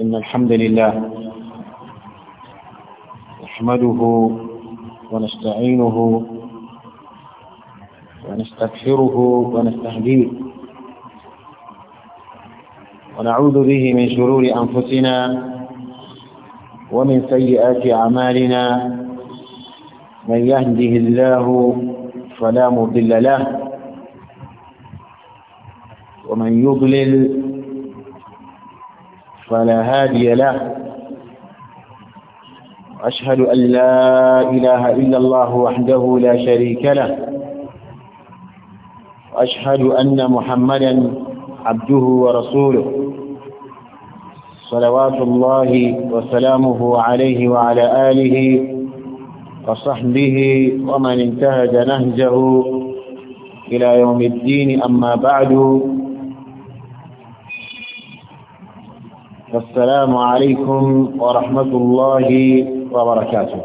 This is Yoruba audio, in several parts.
إن الحمد لله نحمده ونستعينه ونستغفره ونستهديه ونعوذ به من شرور أنفسنا ومن سيئات أعمالنا من يهده الله فلا مضل له ومن يضلل فلا هادي له وأشهد أن لا إله إلا الله وحده لا شريك له وأشهد أن محمدا عبده ورسوله صلوات الله وسلامه عليه وعلى آله وصحبه ومن انتهج نهجه إلى يوم الدين أما بعد والسلام عليكم ورحمة الله وبركاته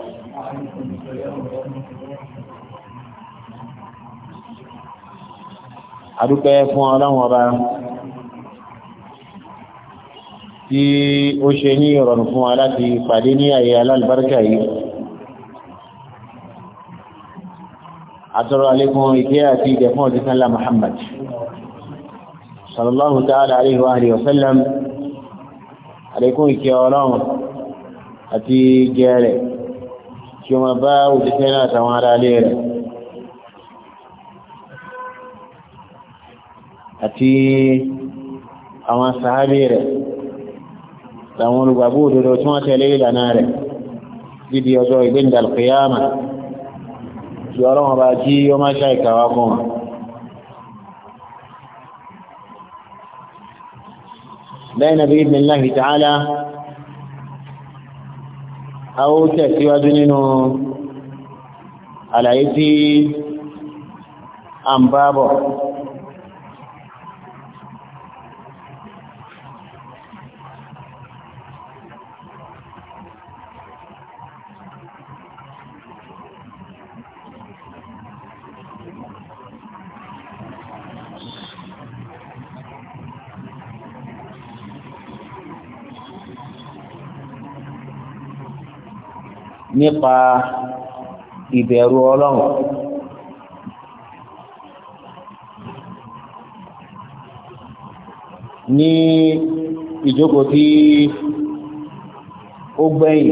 adúpẹ́ fún ọlọ́run ọba tí ó ṣe ní ìrọ̀rùn fún wa láti pàdé ní àyè alálùbáríkà yìí àtọrọ alékún ìkẹ́ àti ìdẹ̀fún ọdún sálà Muhammad sallallahu ta'ala alaihi wa sallam àlékún ìkẹ́ ọlọ́run àti gẹ̀ẹ́rẹ̀ kí wọ́n bá òṣìṣẹ́ náà tàwọn ará ilé rẹ̀ àti àwọn sàábì rẹ̀ tàwọn olùgbàgbọ́ òdodo tí wọ́n tẹ̀lé ìlànà rẹ̀ dídi ọjọ́ ìgbéǹdàlùkìyàmà kí ọlọ́run bá kí ó má ṣàìkàwá بين بإذن الله تعالى أو تسوى جنينه على يدي أم بابه nípa ìbẹ̀rù ọlọ́run. ní ìjókòó tí ó gbẹ̀yìn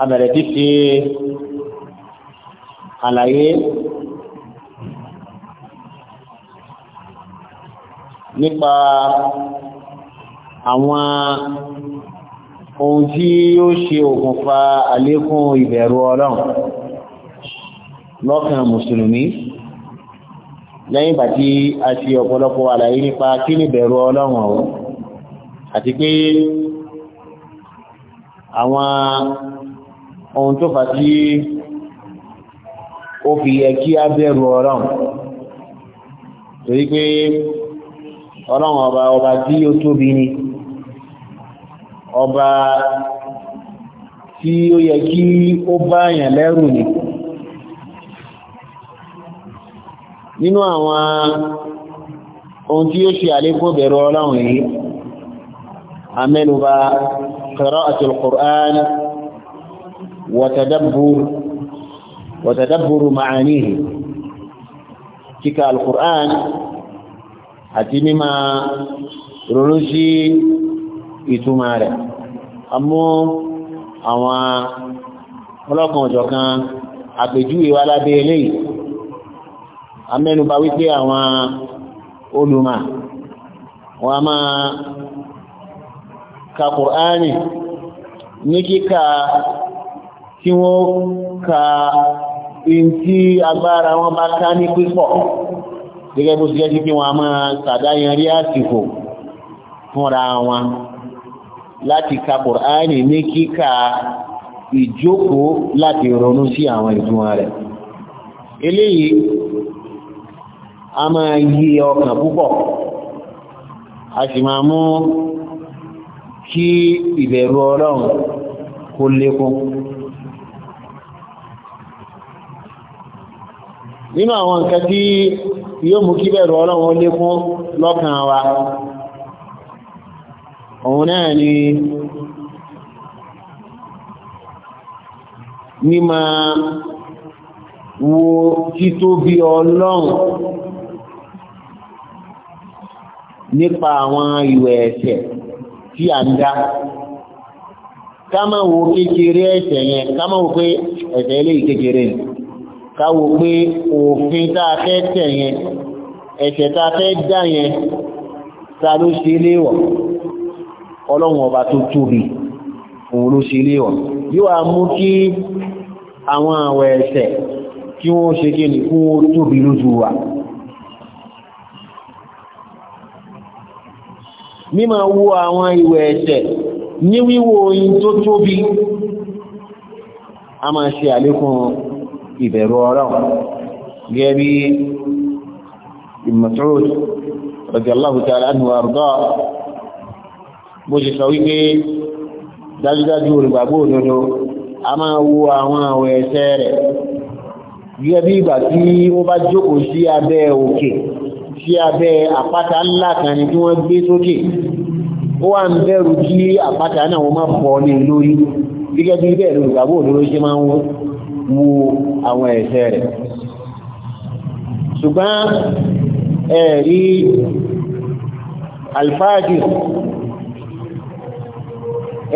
abẹ̀rẹ̀ tí ṣe àlàyé nípa àwọn ohun tí ó ṣe òkùnfà àlékún ìbẹ̀rù ọlọ́run lọ́kàn mùsùlùmí lẹ́yìn ìgbà tí a ṣe ọ̀pọ̀lọpọ̀ àlàyé nípa kí ni ìbẹ̀rù ọlọ́run ọ̀hún àti pé àwọn ohun tó fà tí ó fi yẹ kí á bẹ̀rù ọlọ́run torí pé ọlọ́run ọba ọba tí ó tóbi ni ọba tí ó yẹ kí ó bá àyàn lẹ́rù ni nínú àwọn ohun tí ó ṣe àlékún bẹ̀rù ọlọ́run yìí amẹ́nuba qira'atul Qur'an wa tadabbur wa kíkà al àti mímọ̀ ronú sí ìtumọ̀ rẹ̀ a mú àwọn ọlọ́kan ọ̀jọ̀kan àpèjúwe wa lábẹ́ eléyìí a mẹ́nuba wípé àwọn olùmọ̀ wọ́n a máa ka Kùránì ní kíkà tí wọ́n ka in tí agbára wọn bá ká ní pípọ̀ gẹ́gẹ́ bó ti jẹ́ sí pé wọ́n a máa sàdáyẹn rí àsìkò fúnra wọn láti ka Kùránì ní kíkà ìjókòó láti ronú sí àwọn ìtumọ̀ rẹ̀ eléyìí a máa yí ọkàn púpọ̀ a sì máa mú kí ìbẹ̀rù ọlọ́run kó lékún nínú àwọn nǹkan tí yóò mú kí ìbẹ̀rù ọlọ́run lékún lọ́kàn wa òun náà ni mímá wo títóbi ọlọ́run nípa àwọn ìwẹ̀ ẹ̀ṣẹ̀ tí a ń dá káma wo kékeré ẹ̀ṣẹ̀ yẹn káma wo pé ẹ̀ṣẹ̀ ilé ìkékeré ni káwo pé òfin táa fẹ́ tẹ̀ yẹn ẹ̀ṣẹ̀ táa fẹ́ dá yẹn ta ló ṣe léwọ̀ ọlọ́run ọba tó tóbi òun ló ṣe ilé wọn yóò a mú kí àwọn àwẹ̀ ẹ̀ṣẹ̀ kí wọ́n ṣe kí ní kún ó tóbi lójú wa mímọ̀ wo àwọn ìwẹ̀ ẹ̀ṣẹ̀ ní wíwo oyin tó tóbi a máa ṣe àlékún ìbẹ̀rù ọlọ́run gẹ́gẹ́ bí Ibn ta'ala anhu bó ṣe sọ wípé dájúdájú olùgbàgbọ́ òdodo a máa wo àwọn àwọ̀ ẹ̀ṣẹ̀ rẹ̀ gẹ́gẹ́ bí ìgbà tí wọ́n bá jókòó sí abẹ́ òkè sí abẹ́ àpáta ńlá kan ni tí wọ́n gbé sókè ó wà ń bẹ̀rù kí àpáta náà wọ́n má fọ́ ní lórí gẹ́gẹ́ bí bẹ́ẹ̀ olùgbàgbọ́ òdodo ṣe máa ń wo àwọn ẹ̀ṣẹ̀ rẹ̀ ṣùgbọ́n ẹ̀rí alfáàjì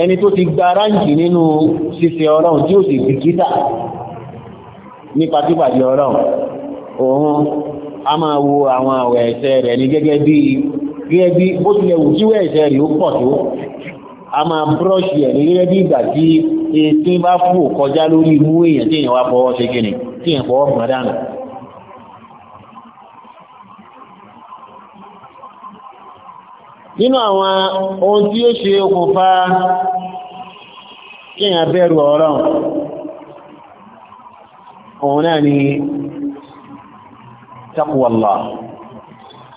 ẹni tó ti gba ráǹkì nínú ṣíṣe ọlọ́run tí ó sì bìkítà nípa pípàdé ọlọ́run òun a máa wo àwọn àwẹ̀ ẹ̀ṣẹ̀ rẹ̀ ní gẹ́gẹ́ bí gẹ́gẹ́ bí ó tilẹ̀ wù kíwẹ̀ ẹ̀ṣẹ̀ rẹ̀ ó pọ̀ tó a máa búrọ́ọ̀ṣì ẹ̀ ní gẹ́gẹ́ bí ìgbà tí etí bá fò kọjá lórí imú èèyàn tí èèyàn wá fọwọ́ ṣe kìnnì tí èèyàn fọwọ́ mọ̀ dànù nínú àwọn ohun tí ó ṣe okùnfà kíyàn bẹ̀rù ọlọ́run òun náà ni takwàlá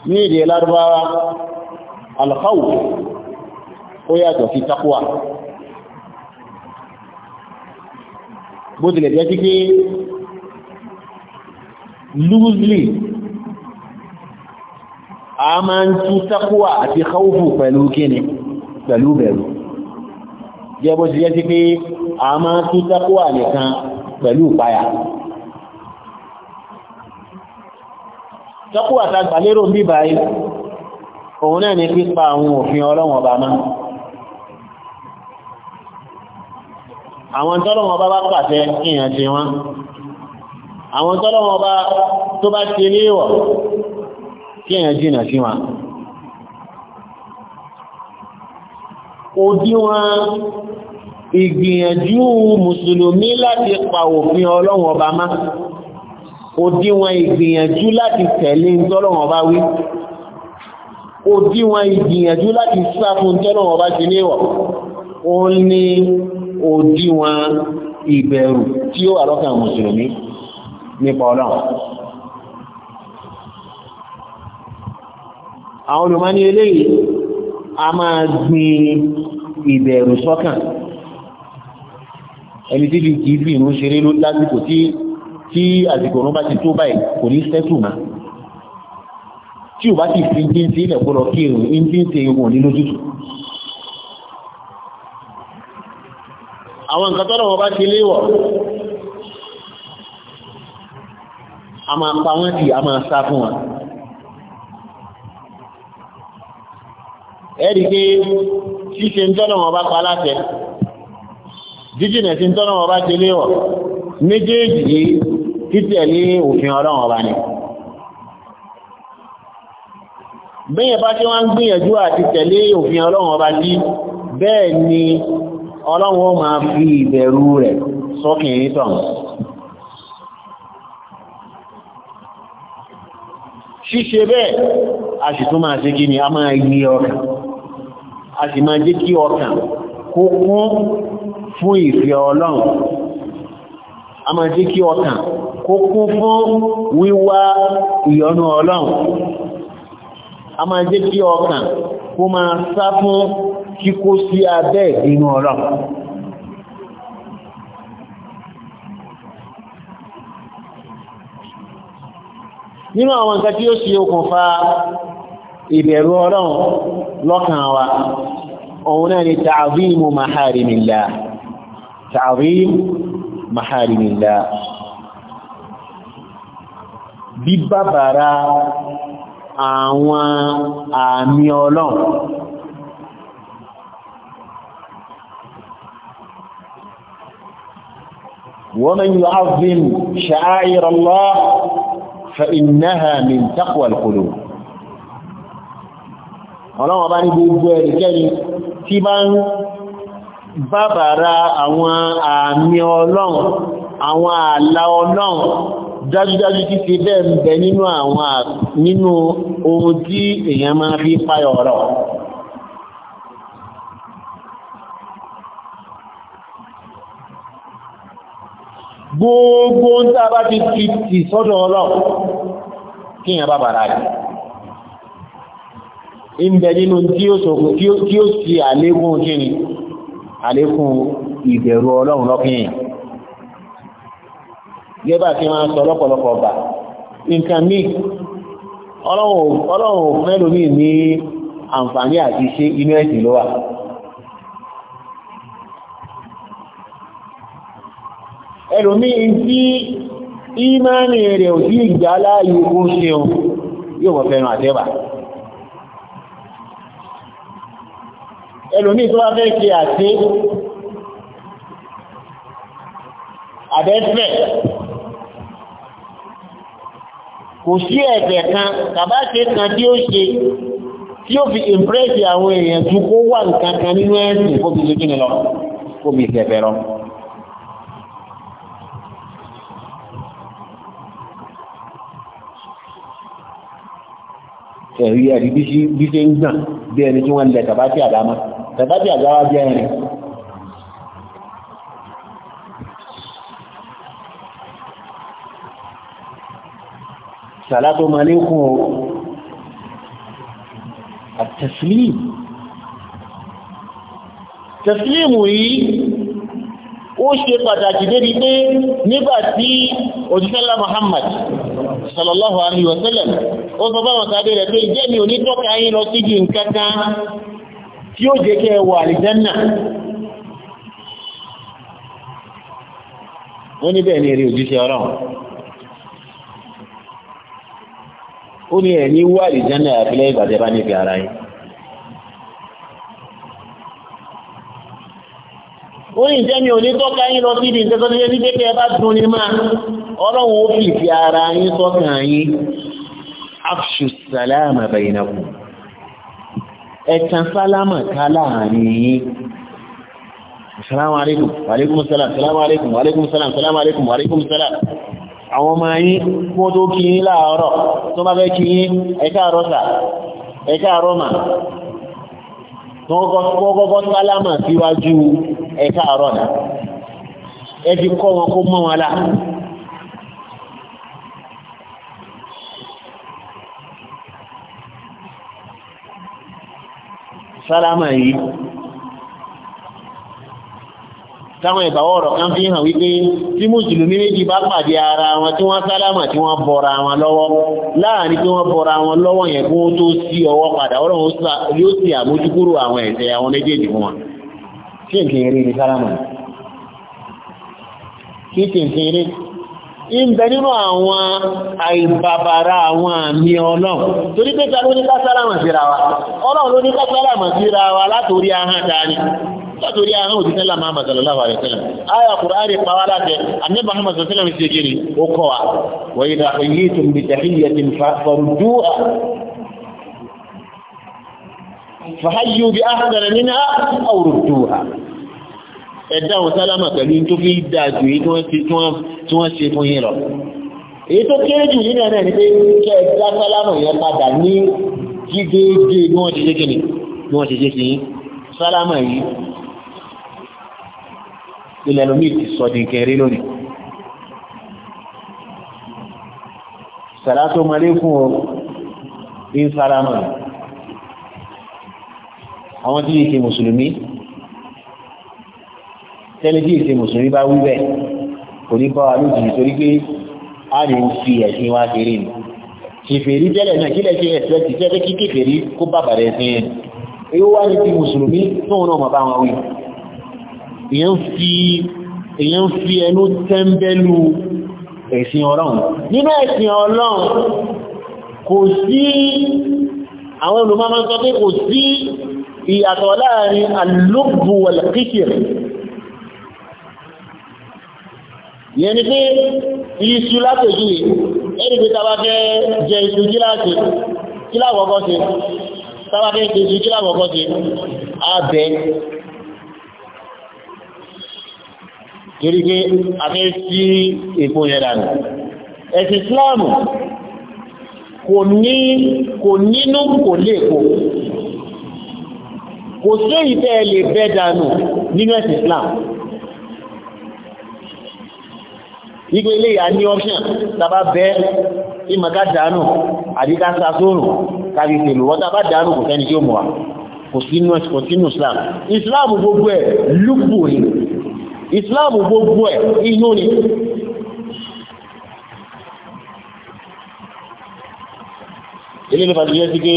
ní èdè lárúbáwá alkhawf ó yàtọ̀ sí takwà bó tilẹ̀ jẹ́ sí pé loosely a máa ń tú tákùwà àti káwùfù pẹ̀lú kíni pẹ̀lú bẹ̀rù jẹ́ bó ti jẹ́ sí pé a máa ń tú tákùwà nìkan pẹ̀lú ìpayà tákùwà ta gbàlérò bí báyìí òun náà ni pípa àwọn òfin ọlọ́wọ̀n ọba máa àwọn tọ́lọ́wọ́n bá bá pàtẹ kíyàn wọn àwọn tọ́lọ́wọ́n bá tó bá ti léèwọ̀ kí èèyàn jìnà sí wọn òdiwọ̀n ìgbìyànjú mùsùlùmí láti pa òfin ọlọ́run ọba má òdiwọ̀n ìgbìyànjú láti tẹ̀lé tọ́lọ́run ọba wí òdiwọ̀n ìgbìyànjú láti sá fún tọ́lọ́run ọba ti níwọ̀ ó ní òdiwọ̀n ìbẹ̀rù tí ó wà lọ́kàn mùsùlùmí nípa ọlọ́run àwọn olùmọ́ni eléyìí a máa gbin ìbẹ̀rù sọ́kàn ẹni tí fi kìí fi ìrún ṣeré lásìkò tí àsìkò rún bá ti tó báyìí kò ní sẹ́tù máa tí ò bá ti fi jí tí ilẹ̀ kó lọ kí èrò ń tí ń tẹ egun ní lójútù àwọn nǹkan tọ́lọ̀ wọn bá ti léwọ̀ a máa pa wọ́n tí a máa sá fún wọn ẹ̀rí pé ṣíṣe ń tọ́nà wọn bá pa láṣẹ jíjìnà sí ń tọ́nà wọn bá ṣe léwọ̀ méjèèjì yìí títẹ̀lé òfin ọlọ́run ọba ni bẹ́yẹ̀ bá tí wọ́n ń gbìyànjú àti tẹ̀lé òfin ọlọ́run ọba tí bẹ́ẹ̀ ni ọlọ́run ó máa fi ìbẹ̀rù rẹ̀ sọ́kìn ìtàn ṣíṣe bẹ́ẹ̀ a sì tún máa ṣe kí ni a máa yí ọkàn a sì máa jẹ́ kí ọkàn kó kún fún ìfẹ́ ọlọ́run a máa jẹ́ kí ọkàn kó kún fún wíwá ìyọ́nú ọlọ́run a máa jẹ́ kí ọkàn kó máa sá fún kíkó sí abẹ́ ìdínú ọlọ́run nínú àwọn nǹkan tí ó ṣe okùnfà ìbẹ̀rù ọlọ́run lọ́kàn wa òun náà ni ta'zimu maharimillah ta'zim maharimillah bíbàbàrà àwọn àmì ọlọ́run ومن يعظم شعائر الله فإنها من تقوى القلوب ọlọ́wọ́ bá ní gbogbo ẹ̀rìkẹ́ni tí bá ń bàbàrà àwọn àmì ọlọ́run àwọn àlà ọlọ́run dájúdájú tí ti bẹ́ẹ̀ ń bẹ nínú àwọn nínú ohun tí èèyàn máa fi páyọ̀ ọ̀rọ̀ gbogbo ń tá ti ti sọ́dọ̀ ọlọ́run kí èèyàn bàbàrà rẹ̀ ìbẹ̀ nínú tí ó sì àlékún kí ni àlékún ìbẹ̀rù ọlọ́run lọ́kìn gẹ́bà tí wọ́n sọ lọ́pọ̀lọpọ̀ ọba nǹkan míì ọlọ́run mẹ́lòmí ní àǹfààní àti ṣe inú ẹ̀sìn ló wà ẹlòmí tí ìmánì rẹ̀ ò sí ìgbàlá yóò fún ṣeun yóò mọ̀ fẹ́ràn àtẹ́bàá ẹlòmíì tó wá fẹ́ ṣe àti àbẹ́fẹ́ kò sí ẹ̀bẹ̀ kan tàbá ṣe kan tí ó ṣe tí ó fi ìmprẹ́sì àwọn èèyàn tún kó wà nǹkan kan nínú ẹ̀sìn kó fi lójú nílọ kó fi ìfẹ̀fẹ̀ rọ ẹ̀rí ẹ̀rí bí ṣe ń gbà bí ẹni tí wọ́n lẹ̀ tàbá sí àdámá tẹ̀bátì àgbáwá jẹ́ ẹ̀rin sàlátò ma lékún o àtẹ̀sílìm tẹ̀sílìmù yìí ó ṣe pàtàkì débi pé nígbàtí òjíṣẹ́lá Muhammad sallallahu alaihi wasallam ó sọ bá wọn sáré rẹ̀ pé jẹ́ mi ò ní tọ́ka yín lọ sí tí ó jẹ́ kẹ́ wà àlìjánà wọ́n níbẹ̀ ni èrè òjíṣẹ́ ọlọ́run ó ní ẹ̀ wà àlìjánà àfilẹ́ ìgbàjẹ́ bá níbi ara yìí ó ní ìjẹ́mi tọ́ka yín lọ sí ibi ìjẹ́ tọ́jú ẹbí pé bá dùn ní máa ọlọ́run ó fìfì ara yín sọ́kàn yín afṣù sàlámà ẹ̀tàn sálámà ká láàrin yìí salamu alaikum alaikum salam salamu alaikum alaikum salam salamu alaikum alaikum salam àwọn ọmọ yìí kó tó kí yín láàárọ̀ tó bá fẹ́ kí yín ẹ̀ka àrọ́sà ẹ̀ka àrọ́mà tó kọ́kọ́ sálámà síwájú ẹ̀ka àrọ́nà ẹ ti kọ́ wọn kó mọ́ wọn láà sálámà yìí táwọn ìbáwọ̀ ọ̀rọ̀ kan fi hàn wípé tí mùsùlùmí méjì bá pàdé ara wọn tí wọ́n sálámà tí wọ́n bọra wọn lọ́wọ́ láàrin tí wọ́n bọra wọn lọ́wọ́ yẹn kó tó sí ọwọ́ padà ọ̀rọ̀ yóò sì àmójúkúrò àwọn ẹ̀ṣẹ̀ àwọn méjèèjì fún wọn ṣé nǹkan ni sálámà kí ṣe ìbẹ̀ nínú àwọn àìbàbàrà àwọn àmì ọlọ́run torí pé ta ló ní kásálàmà síra wa ọlọ́run ló ní kásálàmà síra wa látorí ahán dání látorí ahán òtítẹ́ lámà àmàtàlọ́láwà rẹ̀ tẹ́lẹ̀ ayà kùránì pàwà láti àmì mahamad ẹ̀dá àwọn sálámà pẹ̀lú tó fi dájú èyí tí wọ́n ṣe fún yín lọ èyí tó kéré jù nínú ẹ̀rẹ́ ni pé kẹ́ ẹ̀dá sálámà yẹn padà ní gígéégé bí wọ́n ti ṣe kíni bí wọ́n ti ṣe sí sálámà yìí ilẹ̀ lómi ti sọ di kẹrí lónìí sàlátó malé fún ọ ní sálámà àwọn tí yìí mùsùlùmí tẹ́lẹ̀ bí èsè mùsùlùmí bá wí bẹ́ẹ̀ kò ní bá wa lójijì torí pé a lè fi ẹ̀sìn wa ṣeré ni kèfèrí tẹ́lẹ̀ náà kílẹ̀ ṣe ẹ̀sẹ̀ ti tẹ́lẹ̀ kí kèfèrí kó bàbà rẹ̀ sí ẹ̀ èyí wá ní ti mùsùlùmí tóun náà mọ̀ bá wọn wí èyàn fi ẹnu tẹ́ńbẹ́lú ẹ̀sìn ọlọ́run nínú ẹ̀sìn ọlọ́run kò sí àwọn olùmọ́mọ́ sọ pé kò ìyẹn ni pé iṣu látòjú yìí ẹni pé tá a bá fẹ́ jẹ iṣu kíláàsì kíláàkọ́kọ́ sí tá a bá fẹ́ jẹ iṣu kíláàkọ́kọ́ sí abẹ torí pé a fẹ́ sí èpo yẹn dànù ẹ̀sìn Islam kò ní kò nínú kò léèpo kò sí èyí tẹ́ ẹ lè bẹ́ dànù nínú ẹ̀sìn Islam. ìgbé ilé ìyà ní option tàbá bẹ́ tí maka dánù àdíká sàtòrùn tàbí ìpèlú wọ́n tàbá dánù kò tẹ́ni tí ó mọ̀wá kò sínú islam islam gbogbo ẹ̀ lúpù ni islam gbogbo ẹ̀ inú ni ilé ìfàdíyẹ́ sí pé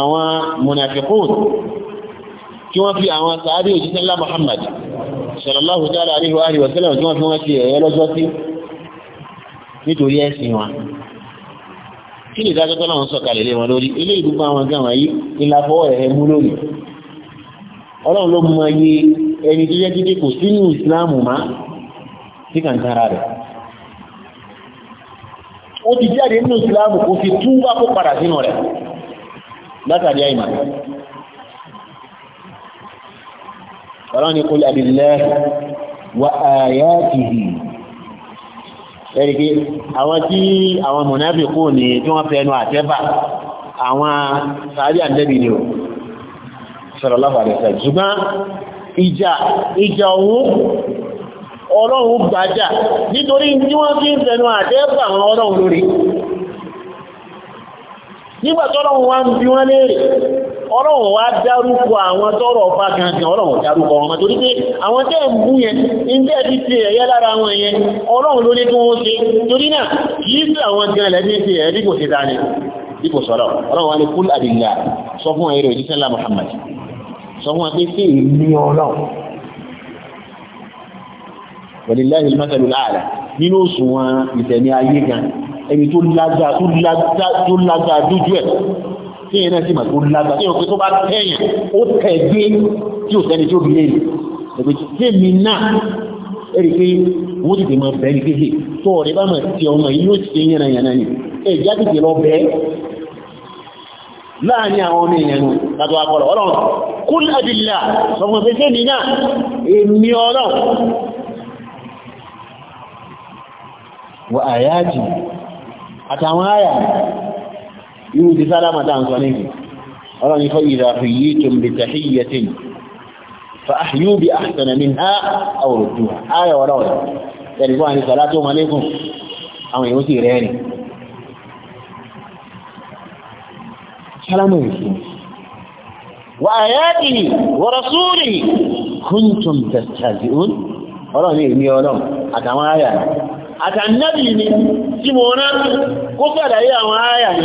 àwọn mọ̀nàfẹ́kùn kí wọ́n fi àwọn sàárì òjíṣẹ́ ńlá Muhammad sallallahu ta'ala alaihi wa alihi wa sallam tí wọ́n fi wọ́n ti ẹ̀yẹ lọ́jọ́ sí nítorí ẹ̀sìn wọn kí ni ìdájọ́ tó láwọn sọ̀kalẹ̀ lé wọn lórí ilé ìdúgbò àwọn gan wọ̀nyí ìlà fọwọ́ ẹ̀hẹ́ mú lórí ọlọ́run ló mọ iye ẹni tó yẹ kí kò sínú ìsìláàmù má sí kàǹkàrà rẹ̀ ó ti jáde nínú ìsìláàmù kò fi túbà kó padà sínú rẹ̀ látàrí àìmọ̀ ọlọ́ni kò lè àbìlẹ̀ wà ààyà kìí ẹ̀rìkì àwọn tí àwọn mọ̀nàbì kò ní tí wọ́n fẹ́ ẹnu àtẹ́bà àwọn sàárì àndẹ́bì ni ò sallallahu alaihi wasallam ṣùgbọ́n ìjà ìjà òun ọlọ́run gbàjà nítorí tí wọ́n fi ń fẹnu àtẹ́bà àwọn ọlọ́run lórí nígbàtọ́lọ́run wá ń bí wọ́n léèrè ọlọ́run wá dárúkọ àwọn tọ́rọ ọba gangan ọlọ́run dárúkọ wọn torí pé àwọn tẹ́ ń bú yẹn ń tẹ́ ti ti ẹ̀yẹ lára wọn yẹn ọlọ́run ló ní kí wọ́n ṣe torí náà kìí sí àwọn gan lẹ́bí ti ẹ̀ dípò sí dání dípò sọ̀rọ̀ ọlọ́run wá ní kúl àdìgbà sọ fún ẹ̀rọ ìjíṣẹ́ ńlá Muhammad sọ fún ẹgbẹ́ sí ìlú ọlọ́run wàlíláyé mẹ́tẹ̀lú láàrẹ nínú òṣùwọ̀n ìtẹ̀mí ayé gan ẹni tó lágbàá dújú ẹ̀ tí ẹ̀yẹn náà sì mọ̀ tó lágbà tí ọ̀pẹ́ tó bá tẹ̀yìn ó tẹ̀gbé tí ò sẹ́ni tí ó bìí lẹ́yìn ẹ̀gbẹ́ tí tèmi náà ẹ̀rí pé wọ́n ti tèmi bẹ́ẹ̀ pé hè tó ọ̀rẹ́ bá mọ̀ tí ọmọ yìí yóò ti ṣe yànnà yànnà ni ẹ̀ já tètè lọ bẹ́ẹ̀ láàrin àwọn ọmọ èèyàn látọ̀ àpọ̀lọ̀ ọlọ́run kúl àdìlà ọmọ ìfẹ́sẹ́ mi náà èmi ọlọ́run wọ àyájì àtàwọn àyà irú ti sálámà tá à ń sọ níbi ọlọ́run ní fọ́yì ìdá fi yí tó ń bi tàhíyàtì fa àhíyú bi ahsana minha aw rudduha ayọ̀ wọ́n lọ́wọ́ ẹ̀rí fún ni tí mo rán kó fẹ́rẹ̀ àwọn ayà ni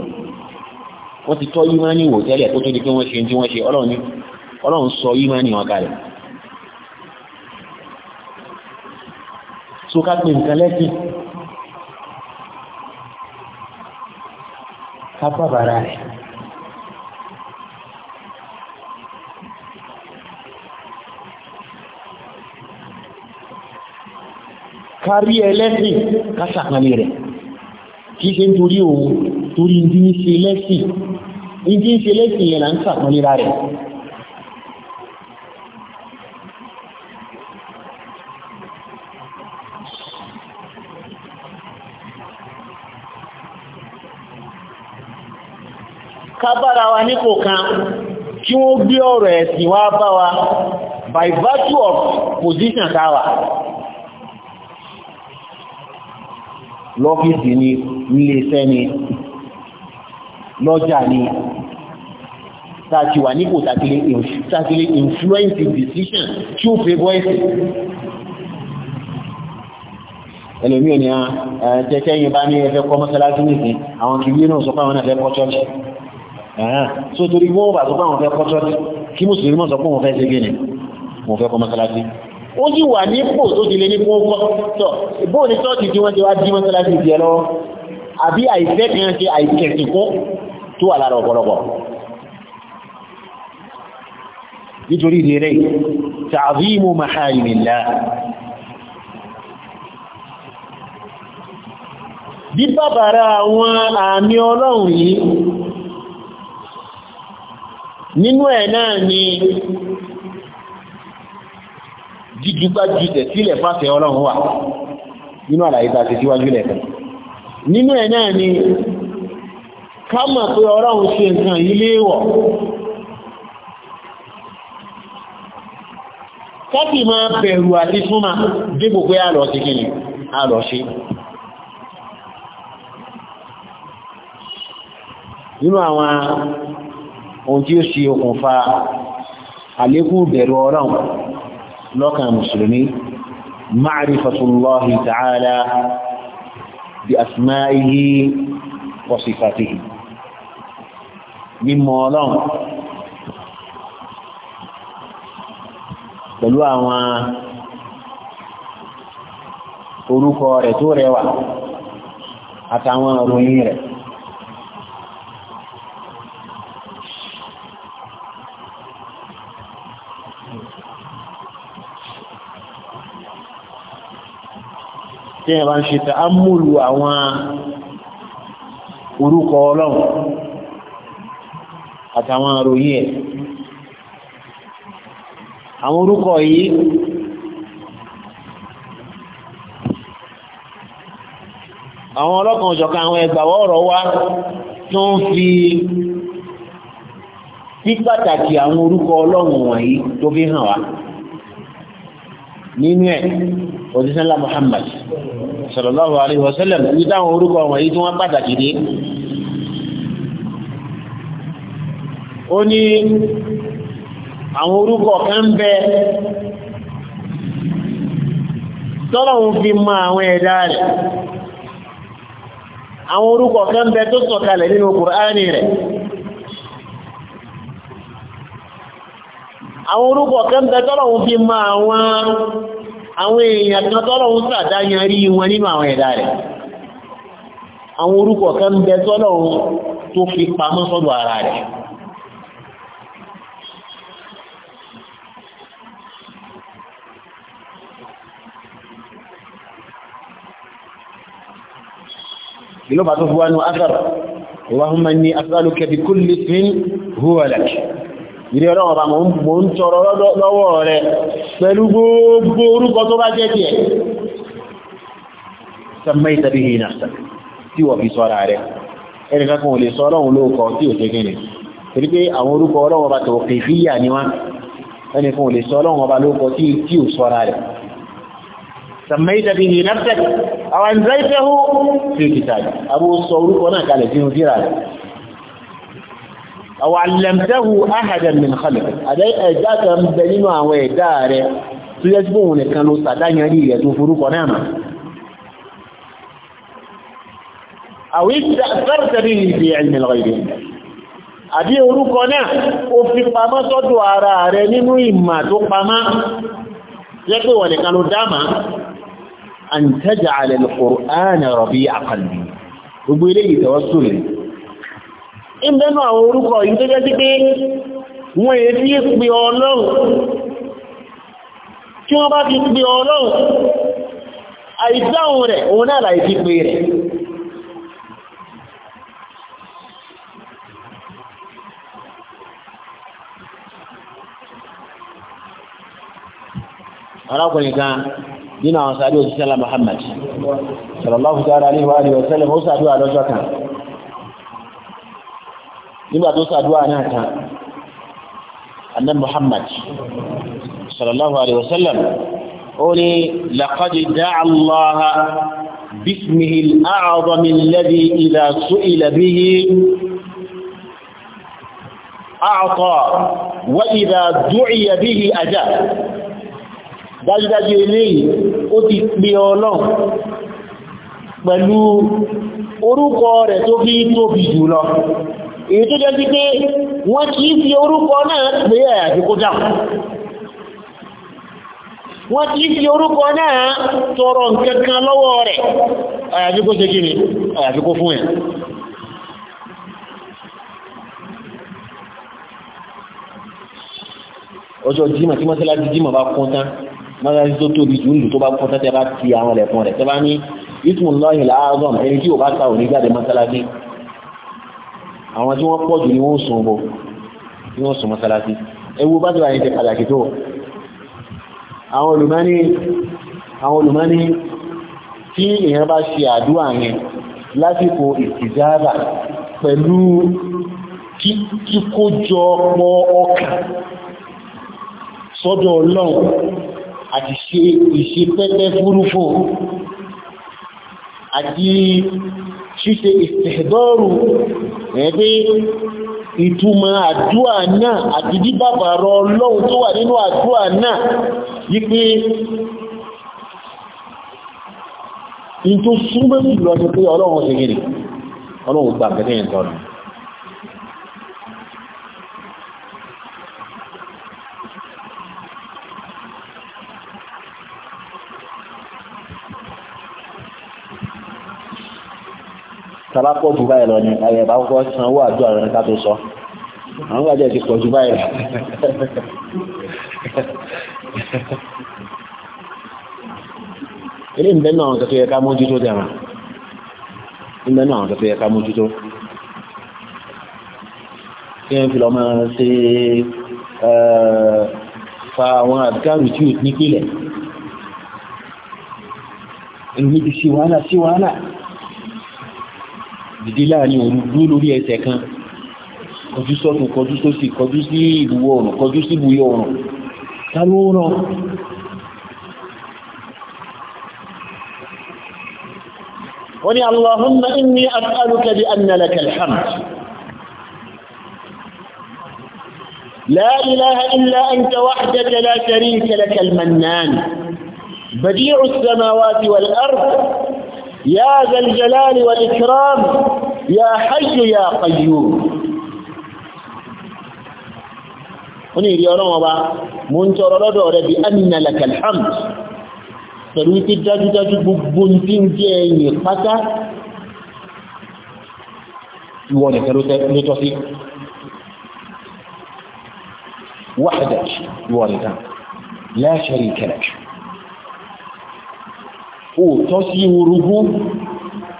wọ́n ti tọ́ ìmánì wò tẹ́lẹ̀ kó tó di pé wọ́n ṣe tí wọ́n ṣe ọlọ́run sọ ìmánì wọn kalẹ̀ sókà pé nǹkan lẹ́sìn kápá bàrà rẹ̀ kárí ẹlẹ́sìn ká ṣàpàlẹ̀ rẹ̀ kí ṣe ń torí òun torí ní ń ṣe lẹ́sìn ní ń ṣe lẹ́sìn yẹn là ń sàpọ́nlera rẹ̀ kábára wa nípò kan kí wọ́n gbé ọ̀rọ̀ ẹ̀sìn wá bá wa by virtue of position táwà lọ́fíìsì ni ilé iṣẹ́ ni lọ́jà ni tàti wà nípò tàtílé influence decision tí ó fẹ́ bọ́ẹ̀sì ẹlòmí ò ní a tẹ́tẹ́ yìí bá ní ẹfẹ́ kọ́ mọ́sálásí nìsí àwọn kìí náà sọ fáwọn ẹfẹ́ kọ́chọ́ọ̀tì so torí wọ́n bà sọ fáwọn ẹfẹ́ kọ́chọ́ọ̀tì kí mùsùlùmí mọ́ sọ fún òun fẹ́ ṣe gẹ́nì mo fẹ́ kọ́ mọ́sálásí ó sì wà nípò tó ti lé ní fún ọkọ̀ tọ́ bóò ní tọ́ọ̀tì tí wọ́n ti wá dí mọ́sálásí ìdí ẹ lọ́wọ́ àbí àìfẹ́ kan ṣe àìkẹ̀sìnkún tó wà lára ọ̀pọ̀lọpọ̀ nítorí ìdílé ta'zimu maharimillah bí bàbára àwọn àmì ọlọ́run yìí nínú ẹ̀ náà ni jíjúgbájútẹ̀ sílẹ̀ fásẹ̀ ọlọ́run wà nínú àlàyé tàbí síwájú lẹ̀kùn nínú ẹ̀ náà ni ká mọ̀ pé ọlọ́run ṣe nǹkan yìí léèwọ̀ kọ́pì máa bẹ̀rù àti súnmà dípò pé àlọ́ sí kí ni àlọ́ sí nínú àwọn ohun tí ó ṣe okùnfà àlékún bẹ̀rù ọlọ́run lọ́kàn mùsùlùmí ma'rifatullahi ta'ala bi asma'ihi wa mímọ̀ ọlọ́run pẹ̀lú àwọn orúkọ rẹ̀ tó rẹwà àtàwọn ìròyìn rẹ̀ tí ẹ̀bá ń ṣe tààmùlù àwọn orúkọ ọlọ́run àtàwọn àròyìn ẹ̀ àwọn orúkọ yìí àwọn ọlọ́kan òjọ̀kan àwọn ẹgbàwọ́ ọ̀rọ̀ wá tó ń fi sí pàtàkì àwọn orúkọ ọlọ́run wọ̀nyí tó fi hàn wá nínú ẹ̀ òjíṣẹ́lá Muhammad sallallahu alaihi wasallam ní orúkọ wọ̀nyí tí wọ́n pàtàkì dé ó ní àwọn orúkọ kan bẹ tọ́lọ̀un fi mọ àwọn ẹ̀dá rẹ̀ àwọn orúkọ kan bẹ tó sọ̀kalẹ̀ nínú Kùránì rẹ̀ àwọn orúkọ kan bẹ tọ́lọ̀un fi mọ àwọn èèyàn kan tọ́lọ̀un sàdáyarí wọn nínú àwọn ẹ̀dá rẹ̀ àwọn orúkọ kan bẹ tọ́lọ̀un tó fi pamọ́ sọ́dọ̀ ara rẹ̀ ìlú bá tó fi wá ní asàrà wàhùnmá ní asàlùkẹ́ bí kúlì fi ń hùwà lẹ́kì ìrí ọlọ́wọ́ bá mọ̀ ń tọrọ lọ́wọ́ rẹ pẹ̀lú gbogbo orúkọ tó bá jẹ́ tiẹ̀ sàmẹ́ ìtàbí hìnà tí wọ́n fi sọ́ra rẹ ẹni kankan lè sọ ọlọ́run tí ò tẹ́gẹ́ torí pé àwọn orúkọ ọlọ́wọ́ bá tọ̀ kèfíyà ni wá ẹni kan lè ọba lóòkọ tí ò sọ́ra rẹ̀ سميت به نفسك أو أنزلته في كتاب أبو الصوروك هناك على دين جيرانك أو علمته أحدا من خلقك أدي أجاك مدلين وعويدار تيجبون كانوا صدان يلي يتوفروك نعمة أو استأثرت به في علم الغيب àbí orúkọ náà ó fi pamọ́ sọ́dọ̀ ara rẹ nínú ìmà tó pamọ́ jẹ́ pé wọ̀nìkan an taj'ala al-Qur'ana rabi'a qalbi gbogbo eléyìí tawassul ìbẹ́nu àwọn orúkọ yìí tó jẹ́ sí pé wọ́n èé tí pè ọlọ́run tí wọ́n bá fi pè ọlọ́run àìdáhùn rẹ̀ òun náà láì fi pè rẹ̀ arákùnrin kan دينا وصلى وسلم محمد صلى الله تعالى عليه واله وسلم هو صلى على ذاك لما تصدوا انا ان محمد صلى الله عليه وسلم قولي لقد دعا الله باسمه الاعظم الذي اذا سئل به اعطى واذا دعي به اجاب dájúdájú eléyìí ó ti pe ọlọ́run pẹ̀lú orúkọ rẹ̀ tó fi tóbi jù lọ èyí tó jẹ́ sí pé wọ́n kì í fi orúkọ náà pé àyàfi kó dáhùn wọ́n kì í fi orúkọ náà tọrọ nǹkankan lọ́wọ́ rẹ̀ àyàfi kó ṣe ni àyàfi kó fún ẹ̀ ọjọ́ jímọ̀ tí mọ́sálásí jímọ̀ bá kún tán mọ́sálásí tó tóbi jù lù tó bá kọ́ tẹ́tẹ́ bá ti àwọn ẹ̀lẹ́kùn rẹ̀ tẹ́ bá ní ìtumù lọ́yìn láàárọ̀ ẹni tí ò bá ta òní jáde mọ́sálásí àwọn tí wọ́n pọ̀ jù ni wọ́n sùn bọ̀ tí wọ́n sùn mọ́sálásí ewu bá ti wà ní ti pàtàkì tó àwọn olùmọ́ni tí èèyàn bá ṣe àdúrà yẹn lásìkò ìtìjáàbà pẹ̀lú kíkójọ pọ̀ ọkàn sọ́dọ̀ ọlọ́run àti ṣe ìṣepẹ́pẹ́ fúrúfò àti ṣíṣe ìṣẹ̀dọ́rù ẹ̀ẹ́dẹ́ ìtumọ̀ àdúà náà àti dídàbàrọ̀ ọlọ́run tó wà nínú àdúà náà wípé in tó súnmọ́ jùlọ ni pé ọlọ́run ṣe gẹ̀rẹ̀ ọlọ́run gbà gẹ̀rẹ̀ ìtọ́nà sábà pọ̀ jù báyìí lọ ni ayẹ̀ bá kọ́kọ́ san owó àdúrà rẹ̀ ká tó sọ àwọn gbàjẹ́ ti pọ̀ jù báyìí lọ. ilé ìbẹ́ náà tó yẹ ká mójútó dára ìbẹ́ náà tó yẹ ká mójútó kí n fi lọ máa ṣe eh, fa àwọn àdúgbò tí ò nípìnlẹ̀ ti ṣe wàhálà sí wàhálà dìde láàrin òru dúró lórí ẹsẹ̀ kan kọjú sọ́tún kọjú tó sì kọjú sí ìbúwọ̀ ọ̀rùn kọjú sí ìbúyọ̀ ọ̀rùn ta ló rán wọ́n ni Allahumma inni as'aluka bi anna laka alhamd لا إله إلا أنت وحدك لا شريك لك المنان بديع السماوات والأرض يا ذا الجلال والإكرام يا حي يا قيوم وني يا رب من ترضى ربي لك الحمد فلويت جاج جاج ببون تين جيني فتا يواني وحدك يواني لا شريك لك ó tọ́ sí orogún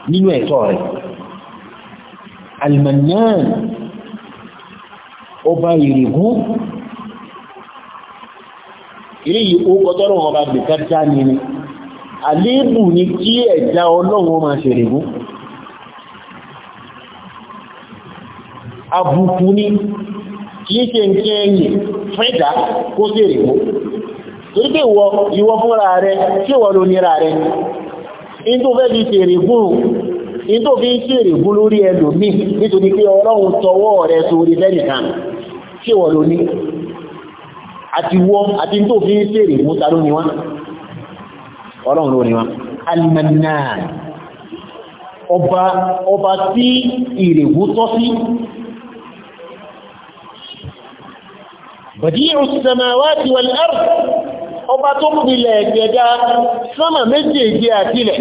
nínú ẹ̀tọ́ rẹ̀ almanan ọba ìrìgún eléyìí ó kọtọ́rọ̀ ọba gbẹ̀kátá ni ni àléébù ni kí ẹ̀dá ọlọ́run máa ṣèrìgún àbùkù ni kìí ṣe ń kẹ́ ẹ̀yìn fẹ́dà kó ṣèrìgún torí pé ìwọ ìwọ fúnra rẹ tí ìwọ ló nira rẹ in tó fẹ́ bí tèrè gúrù in tó fi ń tèrè gúrù lórí ẹlòmí nítorí pé ọlọ́run tọwọ́ rẹ sórí lẹ́nìkan tí ìwọ ló ní àti wọ àti tó fi ń tèrè gúrù ta ní wọn ọlọ́run ló ní wọn alimannan ọba ọba tí ìrègùn tọ́ sí بديع السماوات والأرض ọba tó pilẹ̀ ẹ̀gẹ̀dá sánmà méjèèjì àtílẹ̀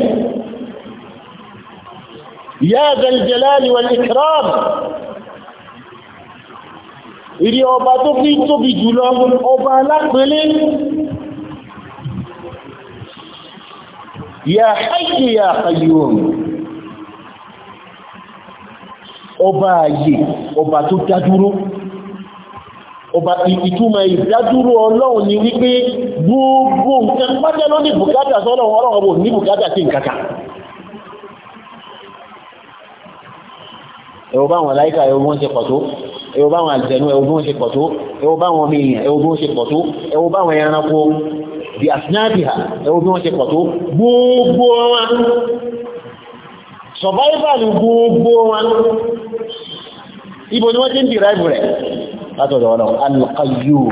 ya zal jalali wal ikram ìrí ọba tó fi tóbi jùlọ ọba alápẹ́lẹ́ ya hayyu ya qayyum ọba ayé ọba tó dádúró ọba ìtumọ̀ ìdádúró ọlọ́run ni wípé gbogbo nǹkan pátá ló ní bùkátà sọ́lọ́run ọlọ́run bò ní bùkátà sí nkàkà ẹ̀wọ̀ bá wọn láìka ẹ̀wọ̀ bí wọ́n ṣe pọ̀ tó ẹ̀wọ̀ bá wọn àjẹ̀nú ẹ̀wọ̀ bí wọ́n ṣe pọ̀ tó ẹ̀wọ̀ bá wọn mìíràn ẹ̀wọ̀ bí wọ́n ṣe pọ̀ tó ẹ̀wọ̀ bá wọn ẹranko bí àsínábìhà ẹ̀wọ̀ bí wọ́n survival gbogbo wọn ibo ni wọ́n ti ń dìráìbù rẹ̀ látọ̀dọ̀ ọ̀nà al-qayyum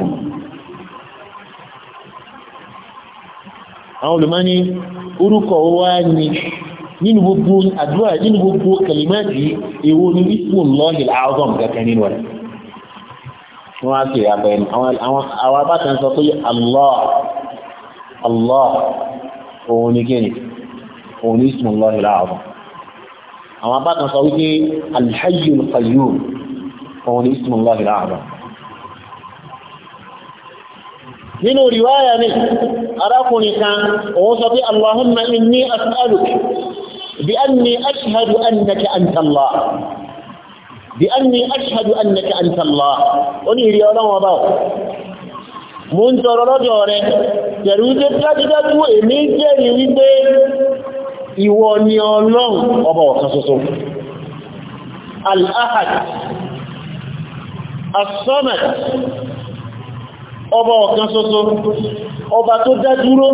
àwọn olùmọ́ni orúkọ wá ní nínú gbogbo àdúrà nínú gbogbo kalimáti èwo ní ismullahi al-azam kankan nínú rẹ̀ wọ́n á sì àbẹ̀ àwọn abátan sọ pé allah àwọn abátan sọ wípé al-hayyul òun ní ismullahi al nínú riwaya ni arákùnrin kan òun sọ pé allahumma inni as'aluka bi anni ashhadu annaka anta allah bi anni ashhadu annaka anta allah ó ní ìrí ọlọ́run ọba mo ń tọrọ lọ́dọ̀ rẹ pẹ̀lú wípé dájúdájú èmi jẹ́rìí wípé ìwọ ni ọlọ́run ọba ọ̀kan ṣoṣo al-ahad as-samad ọba ọ̀kan ṣoṣo ọba tó dá dúró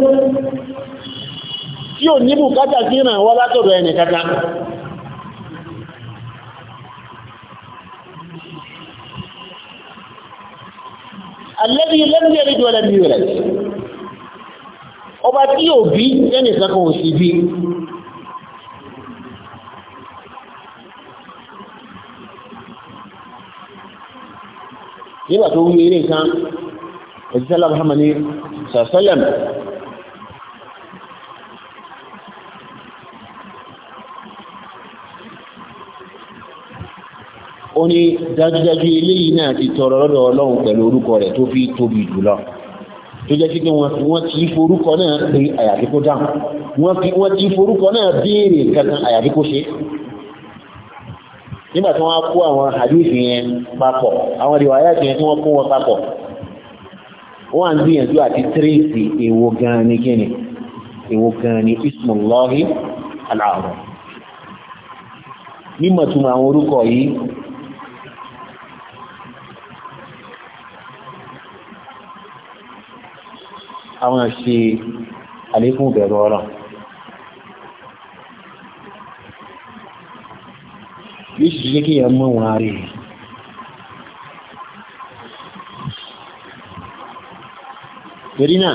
tí ò ní bùkátà sí ìrànwọ́ látọ̀dọ̀ ẹni kata alẹ́bí lẹ́bí ẹ̀rí tó ẹlẹ́bí rẹ̀ ọba tí ò bí ẹnìkan kò sí bí nígbà tó wú ilé nǹkan òjíṣẹ́lá Muhammad ní sàṣẹ́lẹ̀m ó ní dájúdájú eléyìí náà ti tọrọ lọ́dọ̀ ọlọ́run pẹ̀lú orúkọ rẹ̀ tó fi tóbi jùlọ tó jẹ́ kíkẹ́ wọ́n ti forúkọ náà pé àyàfi kó dáhùn wọ́n ti forúkọ náà béèrè kankan àyàfi kó ṣe nígbà tí wọ́n á kó àwọn àdúgbò yẹn papọ̀ àwọn ìwà ayáàtì yẹn tí wọ́n kó wọn papọ̀ wọ́n ń gbìyànjú àti tírèsì èwo gan ni kíni èwo gan ni ismullahi al-a'zam mímọ̀túnmọ̀ àwọn orúkọ yìí àwọn ṣe àlékún ìbẹ̀rù ọ̀rọ̀ yóò kí èèyàn mọ̀ wọn rí torí náà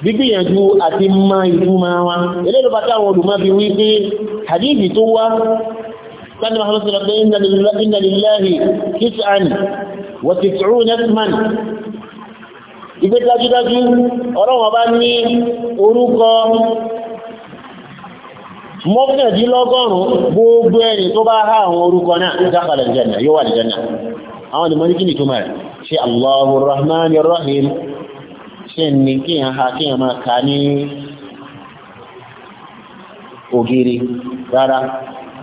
gbígbìyànjú àti mọ ìtumọ̀ wa eléyìí bá táwọn olùmọ̀ fi wí pé hadithi tó wá sanni mahamadu sọ̀rọ̀ pé inna lillahi tis'an wa tis'una isman ìgbé dájúdájú ọ̀rọ̀ wọn bá ní orúkọ mọ́kàndínlọ́gọ́rùn-ún gbogbo ẹni tó bá há àwọn orúkọ náà dakhala al-janna yóò àwọn ìmọ̀ ní kí ni túmọ̀ rẹ̀ ṣe Allahu Rahmanir Rahim kíyàn ní kíyàn ha kíyàn máa ka ní ògiri rárá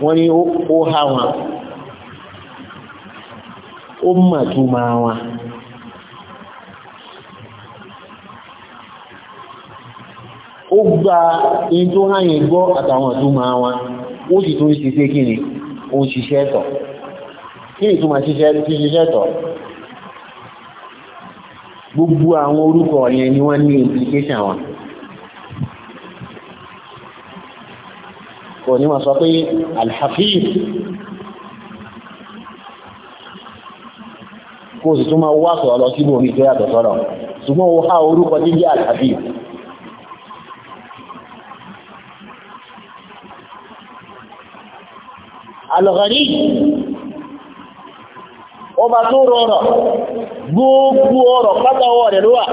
wọ́n ní ó ha wọn ó mà túmọ̀ wọn. ó gba in tó ráyìn gbọ́ àtàwọn àtúmọ̀ wọn ó sì ṣiṣẹ́ kí ni ó ṣiṣẹ́ tọ̀ kí ni ṣiṣẹ́ tọ̀ gbogbo àwọn orúkọ yẹn ni wọ́n ní implication wọn kò ní wọ́n sọ pé alhafiz kó sì tún máa wá sọ̀rọ̀ lọ síbò omi tó yàtọ̀ ṣùgbọ́n o há orúkọ tí jẹ́ alhafiz alghani ọba tó rọrọ̀ gbogbo ọ̀rọ̀ pátá ọwọ́ rẹ̀ ló wà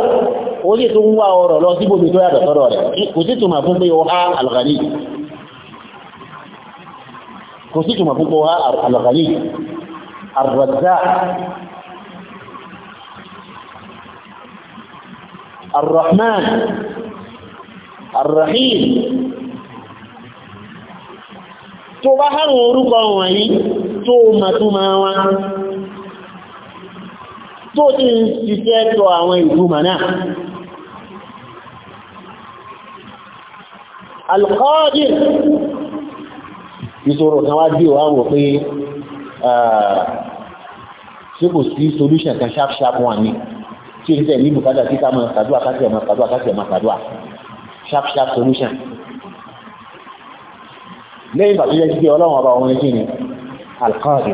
ó sì tún wá ọ̀rọ̀ lọ sí gbogbo tó yàtọ̀ sọ́rọ̀ rẹ̀ kò sí túnmà fún pé ọha alghani kò sí túnmà arrazza arrahman arrahim tó bá hàn orúkọ wọ̀nyí tó màtúmà wọn tó ti ń ṣiṣẹ́ tọ àwọn ìgbùmọ̀ náà alkọ́ọ̀dì ìṣòro kan wá bí wá wò pé ṣe kò sí solution kan sharp sharp wọn ni tí ó tẹ̀ ní bùkátà títà mọ̀ sàdúwà kásì ọmọ sàdúwà kásì ọmọ sàdúwà sharp sharp solution lẹ́yìn bàtújẹ́ sí ọlọ́run ọba ọmọ ẹgbẹ́ ni alkọ́ọ̀dì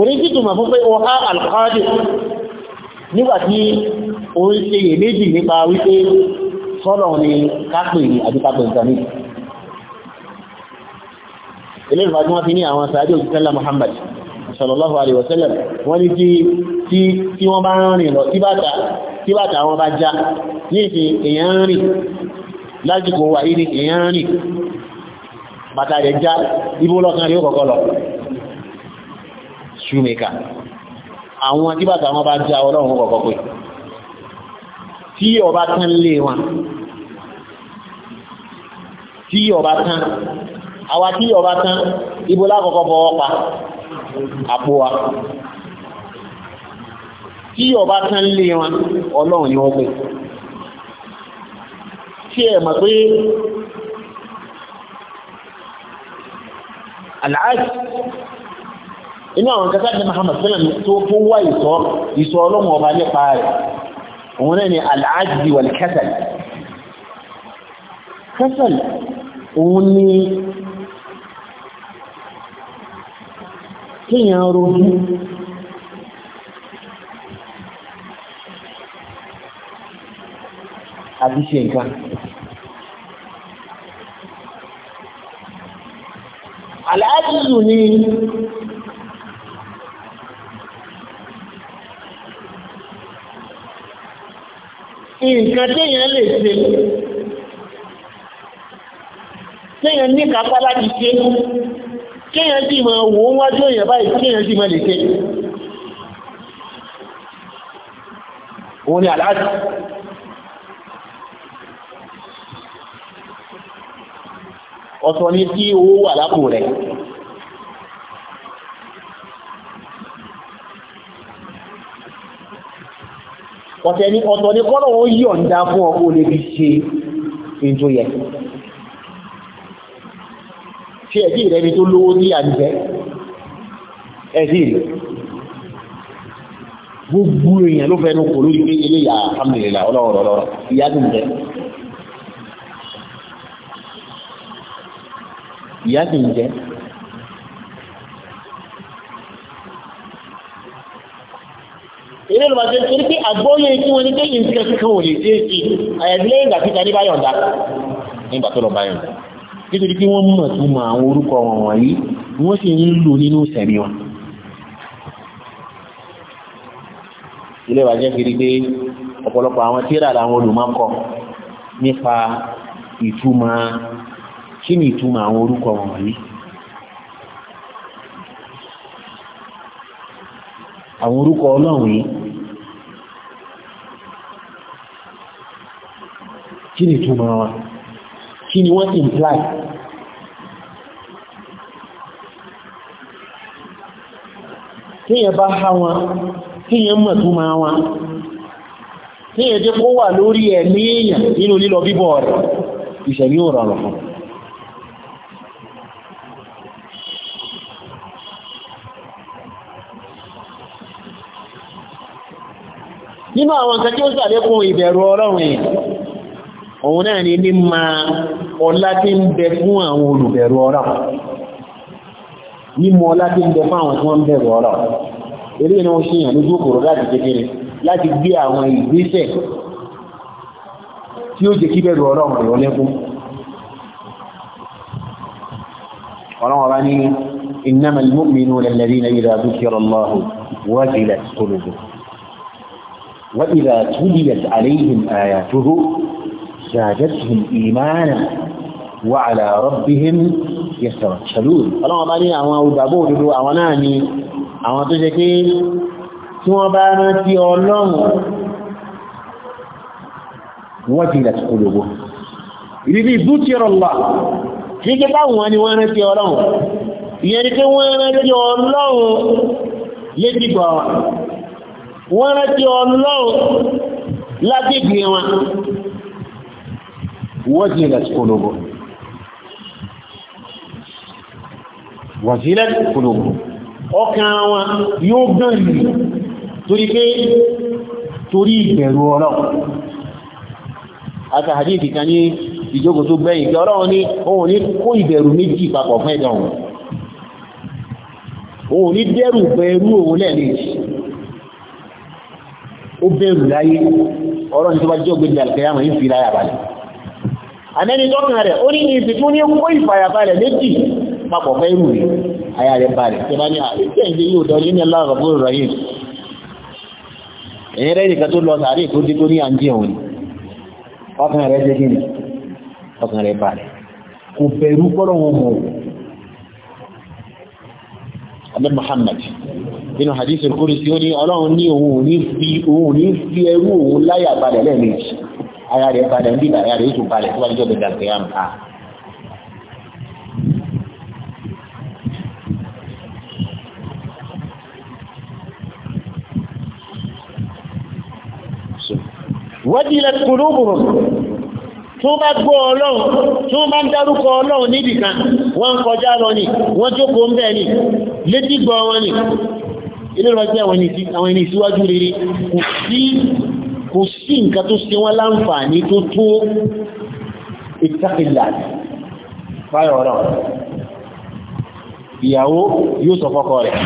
orí sí túnmọ̀ fún pé wọ́n há alkọ́dì nígbàtí o ń ṣe èméjì nípa wípé sọ́lọ̀ ni kápẹ̀ ní àdúgbàpẹ̀ ìtàní ilé ìfàjú wọ́n ti ní àwọn sàájú òjìṣẹ́lá Muhammad sallallahu alaihi wasallam wọ́n ní tí wọ́n bá rìn lọ tí bàtà wọn bá já ní ìsìn èèyàn rìn lásìkò wà ní èèyàn rìn bàtà rẹ̀ já ibú lọ́kàn rí ó kọ̀kọ́ lọ shoemaker àwọn tí bàtà wọn bá já ọlọ́run kọ̀kọ́ pé tí ọba tán lé wọn tí ọba tán àwa tí ọba tán ibo lákọ̀ọ́kọ́ fọwọ́ pa àpò wa tí ọba tán lé wọn ọlọ́run ni wọ́n pè tí ẹ mọ̀ pé àlàájì inú àwọn kẹta ní Muhammad sallam tó fún wá ìsọ́ ìsọ́ ọlọ́run ọba nípa rẹ̀ òun náà ni al-ajzi wal-kasal kasal òun ni kíyàn rojú àbí nǹkan al ni nǹkan téèyàn lè ṣe téèyàn ní kápá láti ṣe kéèyàn sì máa wò ó wájú èèyàn báyìí kéèyàn sì máa lè ṣe òun ni àláàdì ọ̀sán ni tí owó wà lápò rẹ̀ ọ̀tẹ̀ ni ọ̀tọ̀ ni kọ́nà ó yọ̀ǹda fún ọkọ̀ lè fi ṣe ètò yẹ tí ẹ̀dí rẹ̀ ni tó lówó ní àjẹ́ ẹ̀dí rẹ̀ gbogbo èèyàn ló fẹ́nu kò lórí pé ilé ìyá alhamdulillah ọlọ́rọ̀ ìyá dùn jẹ́ ìyá dùn jẹ́ eré ló máa ṣe torí pé àgbóyè tí wọ́n ní pé nǹkan kan ò lè ṣe é sí àyẹ̀dílé ìgbà títa ní báyọ̀ ǹda nígbà tó lọ báyọ̀ nítorí pé wọ́n mọ̀ tún mọ àwọn orúkọ wọn wọ̀nyí wọ́n sì ń lò nínú sẹ̀mí wọn ilé wa jẹ́ kiri pé ọ̀pọ̀lọpọ̀ àwọn tíra làwọn olùmọ̀kọ nípa ìtumọ̀ kí ni ìtumọ̀ àwọn orúkọ wọn wọ̀nyí àwọn orúkọ ọlọ́run yìí kí ni túnmọ̀ wọn kí ni wọ́n imply bá ha wọn mọ̀ wọn jẹ́ kó wà lórí èèyàn nínú lílọ bíbọ̀ rẹ̀ ò rọrùn fún nínú àwọn tí ó sàlékún ìbẹ̀rù ọlọ́run èèyàn òun náà ni ní ma ọlá tí ń bẹ fún àwọn olùbẹ̀rù ọ̀rọ̀ mímọ̀ ọlá tí ń bẹ fún àwọn tí wọ́n ń bẹ̀rù ọ̀rọ̀ eré náà ṣe yàn lójú òkòrò láti kékeré láti gbé àwọn ìgbésẹ̀ tí ó jẹ́ kí bẹ̀rù ọ̀rọ̀ rẹ̀ lẹ́kún ọlọ́wọ́ زادتهم إيمانا وعلى ربهم يتوكلون ọlọ́wọ́ bá ní àwọn olùgbàgbọ́ òdodo àwọn náà ni àwọn tó ṣe pé tí wọ́n bá rántí ọlọ́run wọ́n ti lẹ̀tí ológo ìrírí bútírọ̀lá kí kí báwọn ni wọ́n rántí ọlọ́run ìyẹn ni pé wọ́n rántí ọlọ́run létígbọ̀ wọn rántí ọlọ́run lágbègbè wọn Wazilat qulubuhum wazilat qulubuhum ọkàn wọn yóò gbẹ̀rù torí pé torí ìbẹ̀rù ọlọ́run àti hadithi kan ní ìjókòó tó gbẹ̀yìn kí ọlọ́run ní òun ní kó ìbẹ̀rù méjì papọ̀ fún ẹ̀dọ̀ òun òun ní dẹ́rù bẹ̀rù òun lẹ́ẹ̀mejì ó bẹ̀rù láyé ọlọ́run tó bá jọ́ gbẹ̀dẹ̀ àlùkẹ́yàmọ̀ yìí fi láyà balẹ̀ àmẹ́ni tọ́kàn rẹ̀ ó ní ìsìnkú ní kó ìfàyàbalẹ̀ méjì papọ̀ fẹ́ ìrù rẹ̀ àyà rẹ̀ balẹ̀ tí bá ní àríkẹ́ǹdé yóò dọ́rí ní aláàrọ̀bùn rahim èyí rẹ̀ nìkan tó lọ sàárè tó dé tó ní àǹjẹ́ òun ọkàn rẹ̀ jẹ́ gíní ọkàn rẹ̀ balẹ̀ kò bẹ̀rù kọ́rọ̀ wọn mọ̀ Ahmed Muhammad nínú hadith al-Qudsi ó ní ọlọ́run ní òun ò ní fi ẹrú òun láyà balẹ̀ lẹ́ẹ̀mejì ara rẹ̀ balẹ̀ ń bíbà ara rẹ̀ yóò tún balẹ̀ tó bá ní jọ́bẹ̀ dàgbé yà máa. Ah. wajilat qulubuhum tó bá gbọ́ ọlọ́run tó bá ń dárúkọ ọlọ́run níbìkan wọ́n ń kọjá lọ ní wọ́n jókòó ń bẹ̀ ní létí gbọ́ wọn ní ilé ìrọ̀jẹ́ àwọn ẹni síwájú rere kò sí kò sí nǹkan tó ṣe wọ́n láǹfààní tó tó ìtàkìlà báyọ̀ ọ̀rọ̀ ìyàwó yóò sọ fọ́kọ rẹ̀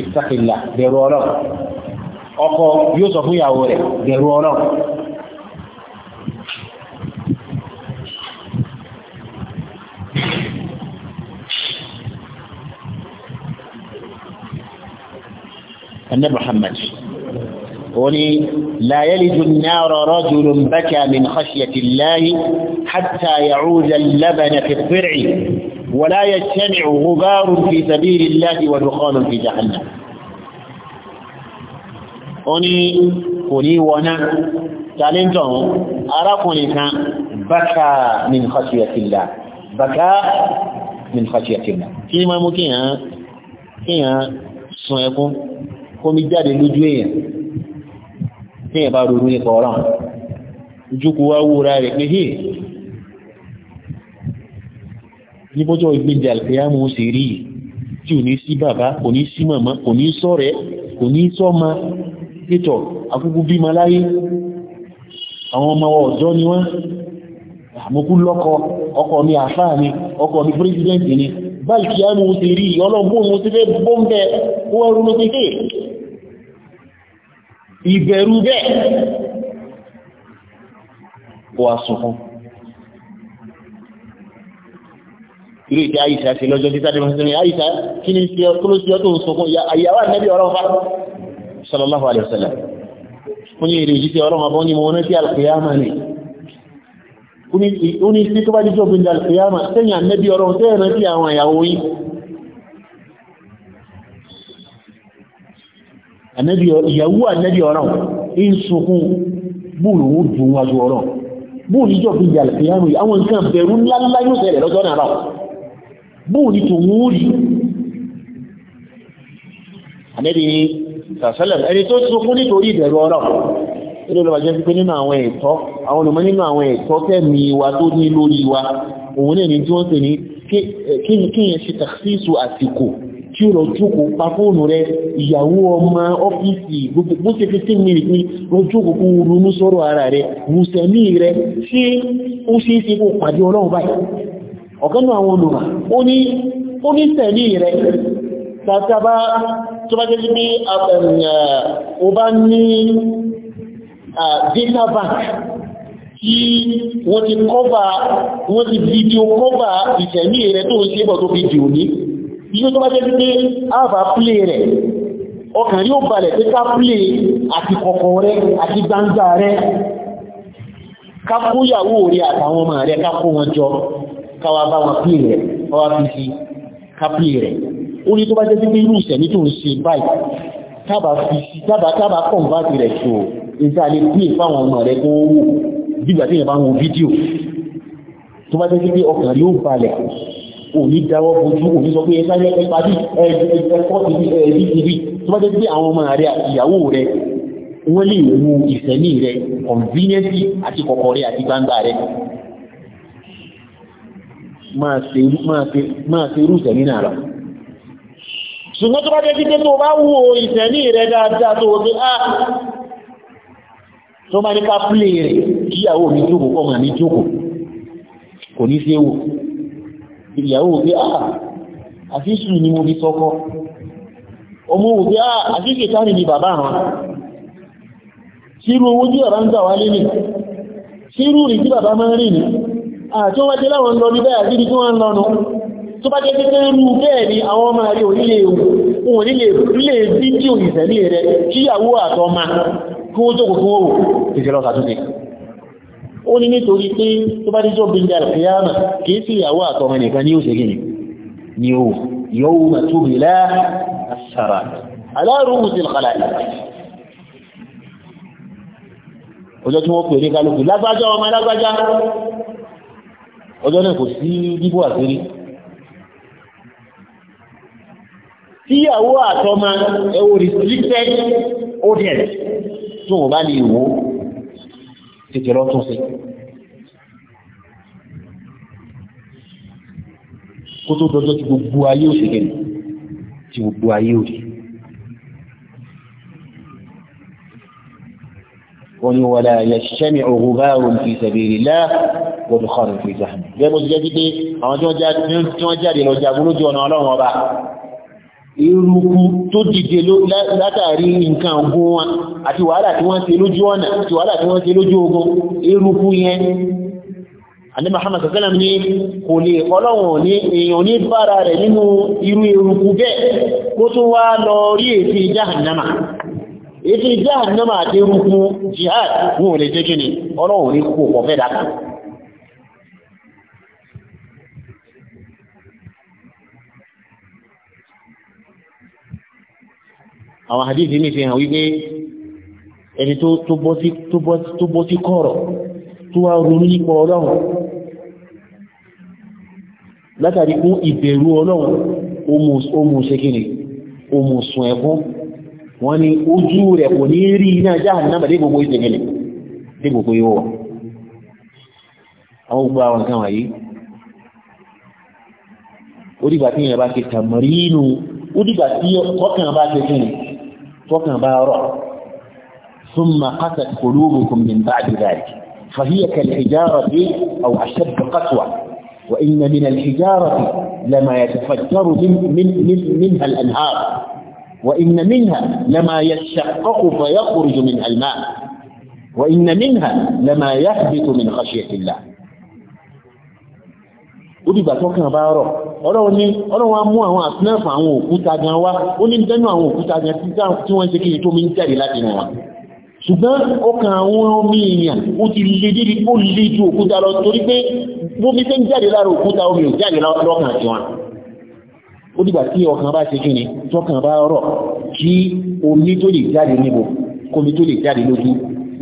ìtàkìlà bẹ̀rù ọ̀rọ̀ ọkọ yóò sọ fún ìyàwó rẹ̀ bẹ̀rù ọ̀rọ̀ Annabi Muhammad وني لا يلد النار رجل بكى من خشية الله حتى يعود اللبن في الضرع ولا يجتمع غبار في سبيل الله ودخان في جهنم oni kò ní wọná talenton arákùnrin kan baka min khashiyatillah baka min khashiyatillah kí ma mú kíyàn sun ẹkún kó mi jáde lójú èèyàn tí ẹ̀ bá ronú nípa ọ̀ràn ìjókòó wá wúra rẹ̀ pé hey níbọ́jọ́ ìgbìyànjẹ́ alkiyamu ó sì rí tí ò ní sí bàbá kò ní sí màmá kò ní sọ́rẹ̀ kò ní sọ́mà pétọ̀ akúkú bímọ láyé àwọn ọmọ ọ̀dọ́ ni wọ́n àmókú lọ́kọ ọkọ ní àfáà ni ọkọ ní pírẹsidẹ́ntì ni bá alkiyamu ó sì rí ọlọ́gbọ́n ó sì fẹ́ bọ́m̀bẹ̀ ó wá rú lókè ìbẹ̀rù bẹ́ẹ̀ ó wá sunkún. irú ìdí àyíṣà ṣe lọ́jọ́ títà dé mọ́sí ní àyíṣà kí ni ṣe kúrò sí ọdún sunkún àyàwó ànẹ́bí ọlọ́run fa sallallahu alaihi fún ní èrè òjíṣẹ́ ọlọ́run abọ́ ní mo wọ́n sí alkiyama ni ó ní sí tó bá jíjọ́ gbìndà alkiyama sẹ́yìn ànẹ́bí ọlọ́run tẹ́ẹ̀rẹ́ sí àwọn ìyàwó yìí ìyàwó ànẹ́bí ọ̀ràn ń sunkún búrú ó dùn wájú ọ̀ràn búrú níjọ fi jà lẹ́yàmù àwọn nǹkan bẹ̀rù ńláńlá yóò ṣẹlẹ̀ lọ́jọ́ náà rà búrú ní tòun ó rí ànẹ́bí sàṣẹlẹ̀ ẹni tó sunkún nítorí ìbẹ̀rù ọ̀ràn ilé ìlú àjẹ́ pípé nínú àwọn ẹ̀tọ́ àwọn olùmọ́ nínú àwọn ẹ̀tọ́ tẹ́mi wa tó ní lórí wa òun náà ni tí wọ́n pè ní kí tí ó lọ jókòó pa fóònù rẹ ìyàwó ọmọ ọ́fíìsì gbogbo ṣe fi sí mìírì pé lọ́jọ́kòó kó ronú sọ́rọ̀ ara rẹ mùsẹ̀mí rẹ ṣé ó ṣe é ṣe kó pàdé ọlọ́run báyìí ọ̀kan náà àwọn olùmọ̀ ó ní sẹ̀mí rẹ tàbá tó bá jẹ́ pé um, ó bá ní data bank tí wọ́n ti kọ́bà wọ́n ti fídíò kọ́bà ìsẹ̀mí rẹ tó ń ṣe bọ̀ tó fi dì iṣẹ́ tó bá jẹ́ pé àbá plé rẹ̀ ọkàn yóò balẹ̀ pé ká plé àti kọ̀kọ̀ rẹ̀ àti gbangba rẹ̀ ká kóyàwó rẹ̀ àtàwọn ọmọ rẹ̀ ká kó wọn jọ káwà bá wọn plé rẹ̀ ọwá fi fi ká plé rẹ̀ ó ní tó bá jẹ́ pé irú ìṣẹ̀ní tó ń ṣe báyìí tó bá jẹ́ pé ọkàn yóò balẹ̀ òní dáwọ́ bojú òní sọ pé ẹ̀ka ẹ̀ka parí ẹ̀kọ́ ibi ẹ̀bí ibi tó bá jẹ́ pé àwọn ọmọ rẹ ìyàwó rẹ wọ́n lè wo ìsẹ̀mí rẹ convenience àti kọ̀kọ̀ rẹ àti gbangba rẹ máa ṣe irú ìsẹ̀mí náà lọ ṣùgbọ́n tó bá jẹ́ pé tó bá wo ìsẹ̀mí rẹ dáadáa tó wọ́n pé ah tó bá ní ká pílé rẹ̀ kíyàwó mi jókòó kọ́ mà ní jókòó kò ní ṣe wò ìyàwó pé àà ah, àfíṣù ni mo fi sọ́kọ́ ọmọ wò pé àà àfíṣù tánì ni bàbá àwọn sírú owó tí bàbá ń gbà wálé nì sírú rí tí bàbá máa ń rìn ní àti wọ́n jẹ́ láwọn lọ ní bẹ́ẹ̀ sí tí wọ́n lọ́nu tó bá jẹ́ pé rú bẹ́ẹ̀ ni àwọn ọmọ rẹ̀ onílé ohun nílé ilé fídíò ìṣẹ̀lẹ̀ rẹ̀ kíyàwó àtọ́mà kí ó jókòó fún òwò ìṣẹ̀lọ́sàtúnṣe ó ní nítorí pé tó bá díjọ́ bí ìdá àkíyàmà kìí sí ìyàwó àtọmọ nìkan ní òṣèlú ni ni ó yóò mà tó bí lá àṣàrà aláàrùn òsì ìkàlàyé ọjọ́ tí wọ́n pè ní kálukú lágbájá ọmọ lágbájá ọjọ́ náà kò sí bíbú àṣírí tíyàwó àtọmọ ẹwọ restricted audience tó wọ́n bá lè wò tètè lọ tún ṣe. kó tó dọjọ́ ti gbogbo ayé òṣèlè ti gbogbo ayé òṣèlè. wọ́n ní wọ́lá yẹ̀ṣẹ́mi ọ̀gbọ̀n fi sabilillah wọ́n kọ́ ọ̀rùn fi jahannam. bẹ́ẹ̀ bó ti jẹ́ pípé àwọn tí wọ́n jáde lọ jagun lójú ọ̀nà ọlọ́run ọba eruku tó dìde látàrí nǹkan ogun wọn àti wàhálà tí wọ́n ṣe lójú ọ̀nà àti wàhálà tí wọ́n ṣe lójú ogun eruku yẹn àní Muhammad sallam ní kò lè ọlọ́wọ̀n ní èèyàn ní bára rẹ̀ nínú irú eruku bẹ́ẹ̀ kó tó wá lọ rí èsì jahannama èsì jahannama àti eruku jihad wọn ò ni ọlọ́wọ̀n ní kò kọ̀fẹ́ dákan àwọn àdíjì ní fi hàn wípé ẹni tó bọ́ sí kọ̀rọ̀ tó wá ronú nípa ọlọ́run látàrí fún ìbẹ̀rù ọlọ́run omu ṣekínì omu sun ẹkún wọ́n ní ojú rẹ̀ kò ní rí iná Jahannama dé gbogbo ìṣẹ̀gẹ̀lẹ̀ dé gbogbo ìwọ̀ àwọn gbogbo àwọn nǹkan wáyé ó dìgbà tí ìyẹn bá ti tàmàrí inú ó dìgbà tí ọkàn bá ti fún tọ́kàn ثم قست قلوبكم من بعد ذلك فهي كالحجارة أو أشد قسوة وإن من الحجارة لما يتفجر من من من منها الأنهار وإن منها لما يتشقق فيخرج منها الماء وإن منها لما يهبط من خشية الله ó dìgbà tó kàn bá rọ̀ ọlọ́run ní ọlọ́run á mú àwọn àtúnẹ̀fà àwọn òkúta gan wá ó ní dẹ́nu àwọn òkúta gan tí wọ́n ń ṣe kí ni tó mi ń jáde láti nù wọn ṣùgbọ́n ọkàn àwọn omi èèyàn ó ti lè dédé ó lè ju òkúta lọ torí pé bómi tẹ́ ń jáde lára òkúta omi ò jáde lọ́kàn sí wọn ó dìgbà tí ọkàn bá ṣe kíni tọkàn bá rọ̀ kí omi tó lè jáde níbo kómi tó lè jáde lójú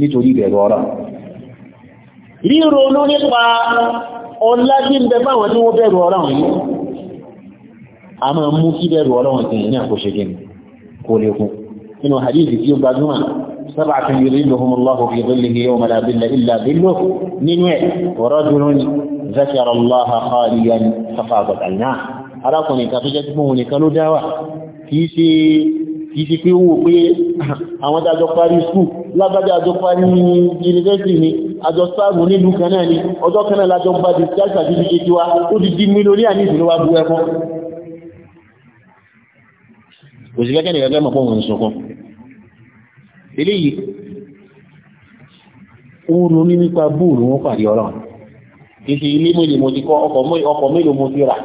nítorí ìbẹ̀rù ọ̀rọ̀ ríro ló nípa ọlá tí ń bẹ fáwọn tí wọ́n bẹ̀rù ọlọ́run yìí a máa mú kí bẹ̀rù ọlọ́run tí ní àkóṣe gini kò lè kún inú hadith tí ó gbajúmọ̀ sábà kan yìí rí lóhun Allahu fi kìí ṣe pé wò pé àwọn tàjọ parí skú lágbàjá àjọ parí yunifásitì ni àjọ sáàmù nílùú kan náà ni ọjọ́ kan náà lájọ bá di sáàsà bí ṣe ti wá ó di di mílíọ̀nìyà ní ìsinú wa bú ẹkọ́ kò sí kẹ́kẹ́ nìkan mọ̀ pọ̀ wọn sọ̀kan eléyìí ó ronú nípa bóòlù wọn pàdé ọlọ́run kìí ṣe ilé mélòó mo ti kọ́ ọkọ̀ mélòó mo ti rà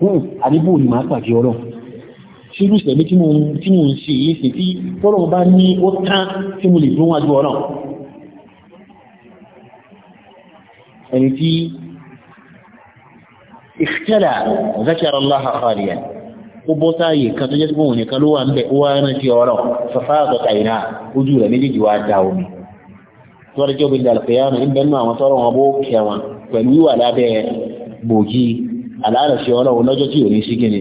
hmm, àdébòòlù máa pàdé ọlọ́run ṣírú ìṣẹ̀lẹ̀ tí mo ń ṣe yìí sí tí tọ́rọ̀ bá ní ó tán tí mo lè dún wájú ọ̀ràn ẹni tí ìṣẹ́lẹ̀ zakara Allah khaliyan ó bọ́ sáàyè kan tó jẹ́ sí òun nìkan ló wà ń bẹ̀ ó wá rántí ọ̀rọ̀ fàfà àtọ̀tà ojú rẹ̀ méjèèjì wá da omi tọ́rọ̀ jẹ́ obìnrin alfẹ́yàmù ń bẹ́nu àwọn tọ́rọ̀ wọn bó kẹwọn pẹ̀lú wíwà lábẹ́ bòjì aláàrẹ̀ṣẹ́ ọlọ́run lọ́jọ́ tí ò ní sí gíní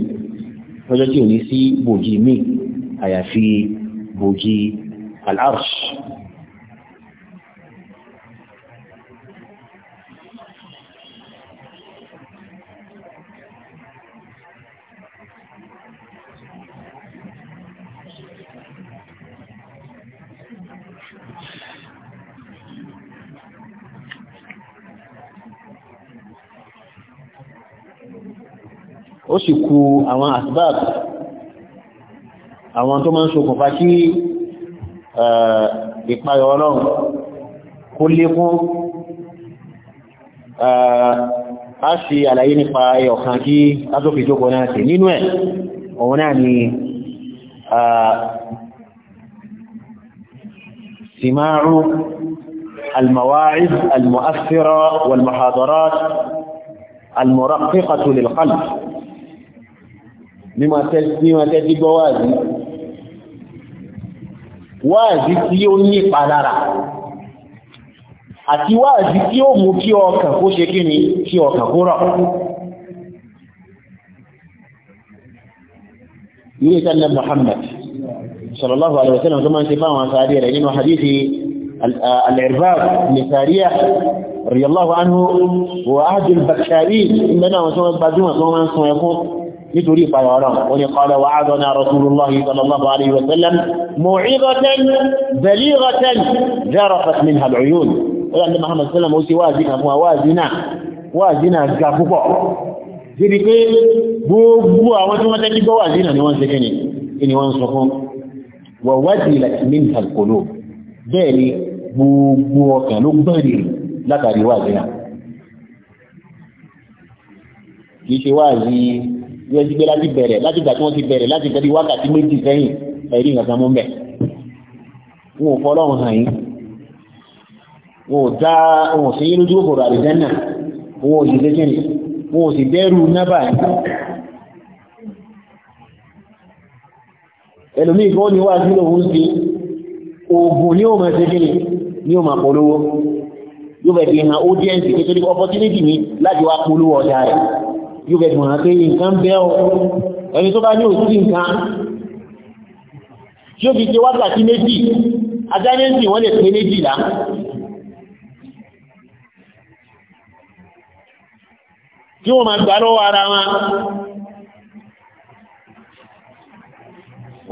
lọ́jọ́ tí ò ní sí bòjì míì àyàfi bòjì al ó sì kú àwọn asbab àwọn tó máa ń ṣokùnfà kí ìpayọ̀ ọlọ́run kó lé lékún a ṣe àlàyé nípa ẹ̀ọ̀kan kí a tó fi jókòó náà tẹ̀ nínú ẹ̀ ọ̀wọ̀n náà ni سماع المواعظ المؤثرة والمحاضرات المرققة للقلب mímọ̀ tẹ́tí gbọ́ wáàzí wáàzí tí ó ní ìpalára àti wáàzí tí ó mú kí ọkàn kó ṣe kíni kí ọkàn kó rọ̀ ilé ìtàlẹ̀ Muhammad sallallahu alaihi wasallam tó máa ń ṣe fáwọn sáré rẹ̀ nínú hadithi al-Irbad ní anhu wa ahadul bakari ìgbẹ́nà àwọn tó máa tó máa ń sun ẹkún nítorí ìpayà ọ̀rọ̀ ó ní qala wa'adana rasulullahi sallallahu alayhi wa sallam mu'izatan balighatan jarafat minha al-uyun ó yà ní Muhammad sallam ó sì wáàzí kan fún wa wáàzí náà wáàzí náà ga púpọ̀ débi pé gbogbo àwọn tí wọ́n tẹ́kí gbọ́ wáàzí náà ni wọ́n ṣe ṣe wáàzí yóò ti gbé láti bẹ̀rẹ̀ láti gbà tí wọ́n ti bẹ̀rẹ̀ láti gbẹ́dí wákàtí méjì sẹ́yìn ẹ̀rí nǹkan mú bẹ̀. wọn ò fọlọ́run hàn yín wọn ò dá wọn ò sí yín lójú kòkòrò àlùjànnà wọn ò sì lékèrè wọn ò sì dẹ́rù nábà yín. ẹlòmíì kan ní wá sí lòun sí oògùn ní òun ẹsẹ̀ kiri ní òun àpolówó yóò fẹ́ fi hàn audience kékeré opportunity mi láti wá polówó ọjà rẹ̀ yóò bẹ̀ mọ̀ pé nǹkan bẹ́ ọ ẹni tó bá ní òsì nǹkan tí ó fi ṣe wákàtí méjì ajá méjì wọ́n lè pé méjìlá tí wọ́n máa gbà lọ́wọ́ ara wọn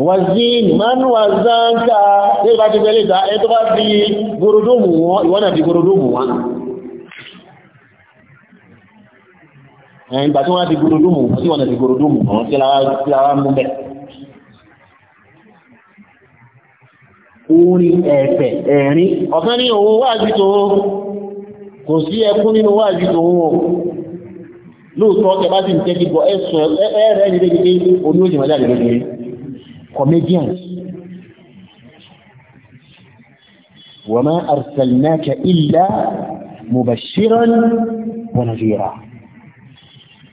wàzín man wàzánká tí ó bá ti fẹ́ lè ta ẹ tó bá fi gorodomu wọn ìwọ́n náà fi gorodomu wọn ìgbà tí wọ́n ti gorodomu tí wọ́n ti gorodomu àwọn tí ara mú bẹ̀. orin ẹ̀fẹ̀ ẹ̀rin ọ̀kan ní òun wáàjú tòun kò sí ẹkún nínú wáàjú tòun o lóòótọ́ tẹ bá sì ń tẹ́jú bọ ẹ̀sùn ẹ̀rẹ́ ní dédé oní òjì mọ́jáde lóde comedians wa ma arsalnaka illa mubashiran wa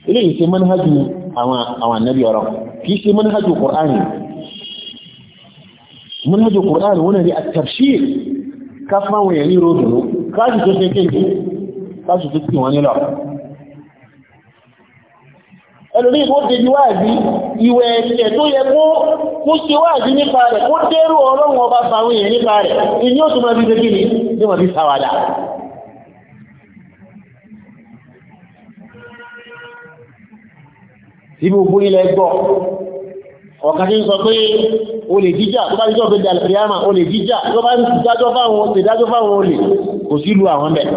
eléyìí ṣe manhajú àwọn àwọn ànábì ọ̀rọ̀ kì í ṣe manhajú Kùránì manhajú Kùránì wọ́n rí at-tabshir ká fáwọn èèyàn ní ròdùnú káàkì tó ṣe kéèkì káàkì tó kí wọ́n nílọ ẹlòmí ìbò dèjì wáàzí ìwẹ̀ ẹ̀ṣẹ̀ tó yẹ kó kó ṣe wáàzí nípa rẹ̀ kó dẹ́rù ọlọ́run ọba fáwọn èèyàn nípa rẹ̀ ìní ó tún máa fi ṣe ní wọ́n fi sáwádà ibi ògbó ilẹ̀ gbọ́ ọ̀kan tí ń sọ pé o lè jíjà tó bá jíjọ́ pé dàlẹ̀ ríámà o lè jíjà tó bá ń dájọ́ fáwọn ìdájọ́ fáwọn olè kò sí ìlú àwọn bẹ̀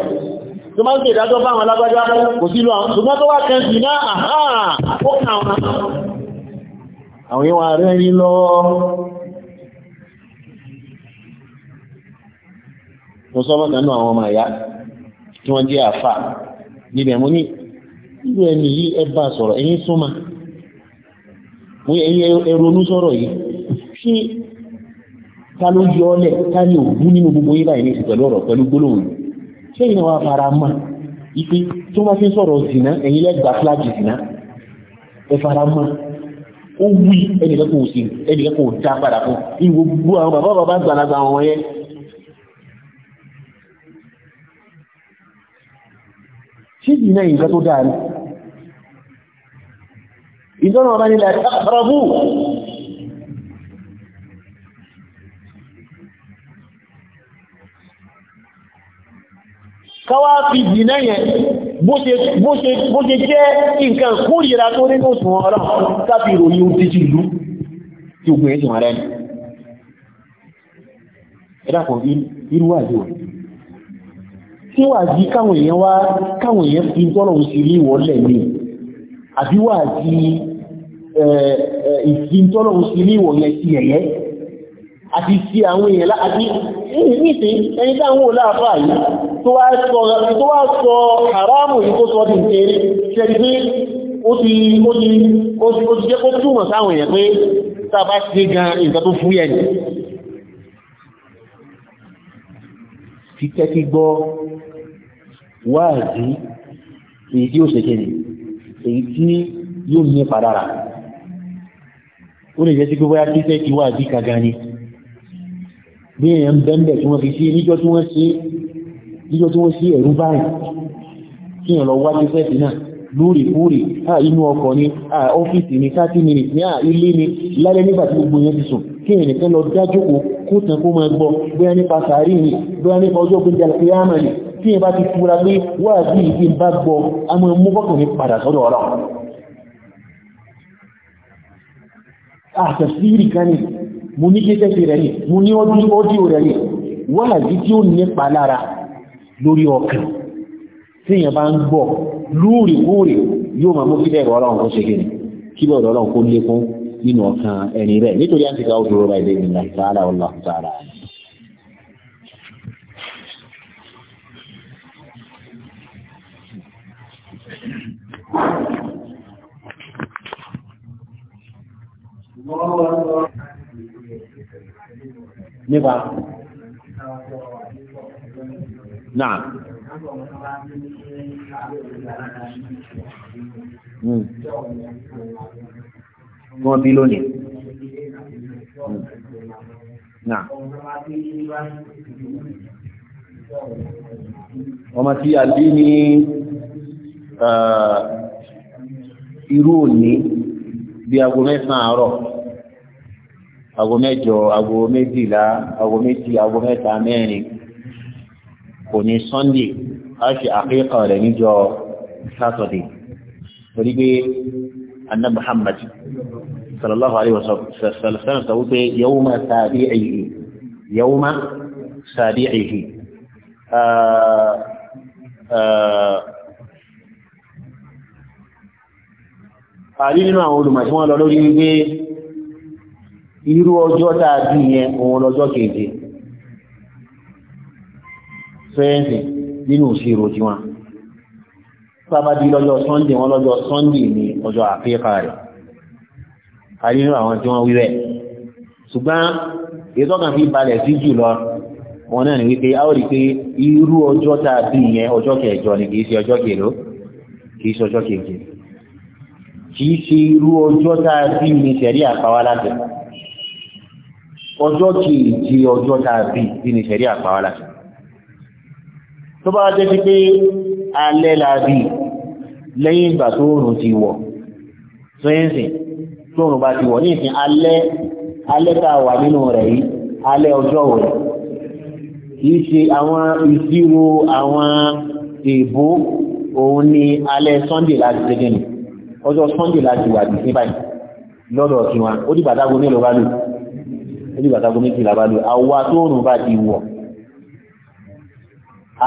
tó bá ń tẹ ìdájọ́ fáwọn alágbájá kò sí ìlú àwọn ṣùgbọ́n tó wá kẹ́ sí náà àhán ó kà wọn àwọn yíwa rẹ̀ rí lọ́wọ́ mo sọ mọ́ta náà àwọn ọmọ ìyá tí wọ́n jẹ́ àfà níbẹ̀ mo ní ìlú ẹni yìí ẹ bá sọ̀rọ̀ ẹ̀yìn súnmọ́ pé ẹyẹ ẹronú sọ̀rọ̀ yìí ṣé ta ló yọ ọ́ lẹ̀ ta ni òbú nínú gbogbo yìí báyìí ní ìsìn pẹ̀lú ọ̀rọ̀ pẹ̀lú gbólóhùn ṣé ìnáwó afárá mọ̀ ipe tó bá fi sọ̀rọ̀ zìnà ẹ̀yin lẹ́gbàá fúláàgì zìnà ẹ fara mọ́ ó wí ẹnìkẹ́kọ̀ọ́ sí ẹnìkẹ́kọ̀ọ́ dá padà fún ìwò gbogbo àwọn bàbá bàbá ìgbà tó dáa ni ìjọ́nà ọba nílẹ̀ ẹ̀kọ́rọ̀bù káwàá fi jìnà yẹn bó ṣe jẹ́ nǹkan kúrìyàrá tó nínú òsùn ọ̀rọ̀ káfí ìròyìn ohun títí ìlú tí ogun ẹ̀sùn rẹ̀ ní ẹ̀dàpọ̀ irú àjíwà tí wà jí káwọn èèyàn wá káwọn ìfintọ́lọ̀ ń sí ní ìwọ̀nyẹ̀ sí ẹ̀yẹ́ àti sí àwọn èèyàn láti nìsìn ẹni táwọn olóàfà yìí tó wá sọ haramu yìí tó sọ dìí tẹ́rí ṣẹ́rí pé ó ti jẹ́ kó túnmọ̀ sáwọn èèyàn pé tàbá ṣe gan nǹkan tó fúyẹ́ ni fi tẹ́kí gbọ́ wáàdí èyí tí ó ṣe kẹ́ni èyí tí yóò ní padà rà ó lè jẹ́ sí gbogbo akíṣẹ́ ti wà bí kàga ni bí èèyàn bẹ́ńbẹ̀ tí wọ́n fi sí níjọ́ tí wọ́n sí níjọ́ tí wọ́n sí ẹ̀rú báyìí kí èèyàn lọ wá akíṣẹ́ sí náà lóòrèkóòrè à inú ọkọ̀ ni à ọ́fíìsì ni thirty minutes ní à ilé ni lálẹ́ nígbà tí gbogbo yẹn ti sùn kí èèyàn nìkan lọ dájókòó kó tàn kó máa gbọ́ bóyá nípa sàárì ni bóyá nípa ọjọ́ gbẹ́jà kíyámà ni tí èèyàn bá ti fura pé wáàbí ìdí bá gbọ́ a mú bọ́kàn padà sọ́dọ̀ ọlọ́run àtẹ̀sírì kan ní mo ní kéjẹ́sì rẹ̀ ní mo ní ọdíò rẹ̀ ní wọ́n àti tí ó nípa lára lórí ọkàn tí èèyàn bá ń gbọ́ lóòrèkóòrè yóò máa mú kí bẹ̀rẹ̀ ọlọ́run kó ṣe kiri kí bẹ̀rẹ̀ ọlọ́run kó lékún nínú ọkàn ẹni rẹ̀ nítorí nípa náà. Hmm. Wọ́n bí lónìí. Náà. Ọmọ tí a bí ní uh, irú òní bí aago mẹ́sàn-án àárọ̀ aago mẹ́jọ aago méjìlá aago méjì aago mẹ́ta mẹ́rin kò ní sunday a ṣe àkíkà rẹ̀ níjọ saturday torí pé anna muhammad sallallahu alaihi wasallam sọ wípé yawma sabi'ihi yawma sabi'ihi àrí nínú àwọn olùmọ̀ tí wọ́n lọ lórí wípé irú ọjọ́ tàbí yẹn òun lọ́jọ́ keje fẹ́ẹ̀sì nínú ìṣirò tí wọ́n sábàdí lọ́jọ́ sunday wọ́n lọ́jọ́ sunday ní ọjọ́ àfíkà rẹ̀ a nínú àwọn tí wọ́n wíwẹ̀ ṣùgbọ́n ìtọ́kàn fi balẹ̀ sí jùlọ wọn náà ni wípé a ó rí pé irú ọjọ́ tàbí yẹn ọjọ́ kẹjọ ni kìí ṣe ọjọ́ kèló kìí ṣe ọjọ́ keje kìí ṣe irú ọjọ́ tàbí ni ṣẹ̀rí àpáwá látẹ̀ẹ́ ọjọ́ kìí di ọjọ́ tàbí bí ní ṣẹ̀rí àpáwálà tó bá jẹ́ sí pé alẹ́ làbí lẹ́yìn ìgbà tó oòrùn ti wọ̀ sọ́yẹ́nsì tó oòrùn bá ti wọ̀ ní ìsìn alẹ́ alẹ́ tá a wà nínú rẹ̀ yìí alẹ́ ọjọ́ rẹ̀ kìí ṣe àwọn ìṣirò àwọn èèbó òun ni alẹ́ Sunday láti ṣe gẹ́ni ọjọ́ Sunday láti wà ní báyìí lọ́dọ̀ tiwọn ó dìgbà dágbó nílò ojú bàtà gómìnà ìlà bá lò àwa tó rùn bá ti wọ̀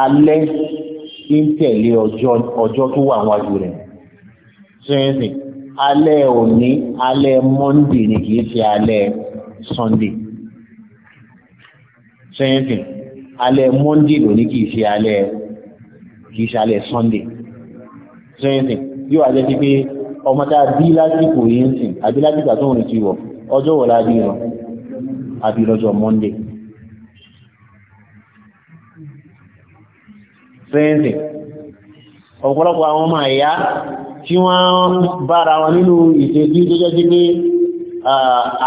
alẹ́ ń tẹ̀lé ọjọ́ tó wà wájú rẹ̀ sẹ́yìn alẹ́ òní alẹ́ monday ni kì í ṣe alẹ́ sunday sẹ́yìn alẹ́ monday lòní kì í ṣe alẹ́ kì ṣe alẹ́ sunday sẹ́yìn yóò wá jẹ́ sí pé ọmọ tá a bí lásìkò yìí ń sìn àbí lásìkò ti wọ̀ ọjọ́ wọ̀ la wọn àbí lọ́jọ́ monday sẹ́yìnsì ọ̀pọ̀lọpọ̀ àwọn ọmọ ẹ̀yà tí wọ́n bára wọn nínú ìṣẹ́jú tó jẹ́ sí pé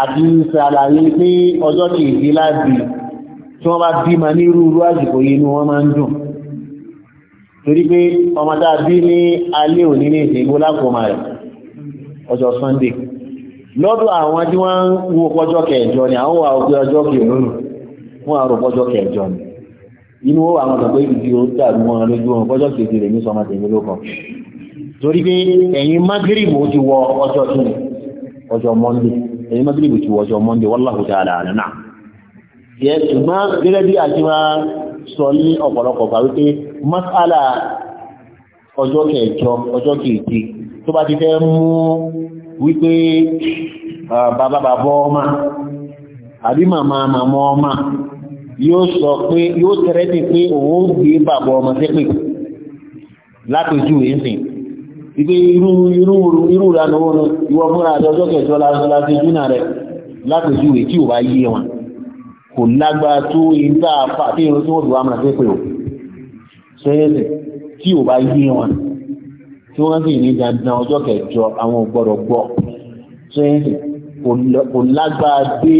àti ṣàlàyé pé ọjọ́ kìí láti tí wọ́n bá bí ma ní rúurú àsìkò yìí ni wọ́n máa ń dùn torí pé ọmọ tá ní alẹ́ òní ní ìṣègbó lápò ọmọ rẹ̀ ọjọ́ sunday lọ́dọ̀ àwọn tí wọ́n ń wo pọ́jọ́ kẹjọ ni àwọn wà òpin ọjọ́ pọ́jọ́ kẹjọ ni inú ó àwọn ọ̀gbẹ́ ìdí ó dàrú wọn lójú wọn pọ́jọ́ kẹjọ rẹ̀ ní torí pé ti wọ ọjọ́ ọjọ́ mọ́ndé ti wọ ta'ala àlànà yẹ ṣùgbọ́n gẹ́gẹ́ bí àti sọ ní ọ̀pọ̀lọpọ̀ masala ọjọ́ kẹjọ ọjọ́ wípé bàbá bàbá ọmọ àbí màmá màmá ọmọ yóò sọ pé yóò tẹ̀rẹ́ ní pé òun ó gbé bàbá ọmọ sẹ́pẹ̀ látòjú ìsìn ìgbé irú irú irú ìlànà wọn ìwọ fúnra àti ọjọ́ kẹjọ láti júnà rẹ látòjú ìtí ò bá yé wọn kò lágbára tó ìta àfà tí irun tí wọ́n fi wá mọ̀ sẹ́pẹ̀ ò sẹ́yẹ́sẹ̀ tí ò bá yé wọn tí wọ́n sì ní dandan ọjọ́ kẹjọ àwọn gbọ́dọ̀ gbọ́ tí kò lágbára dé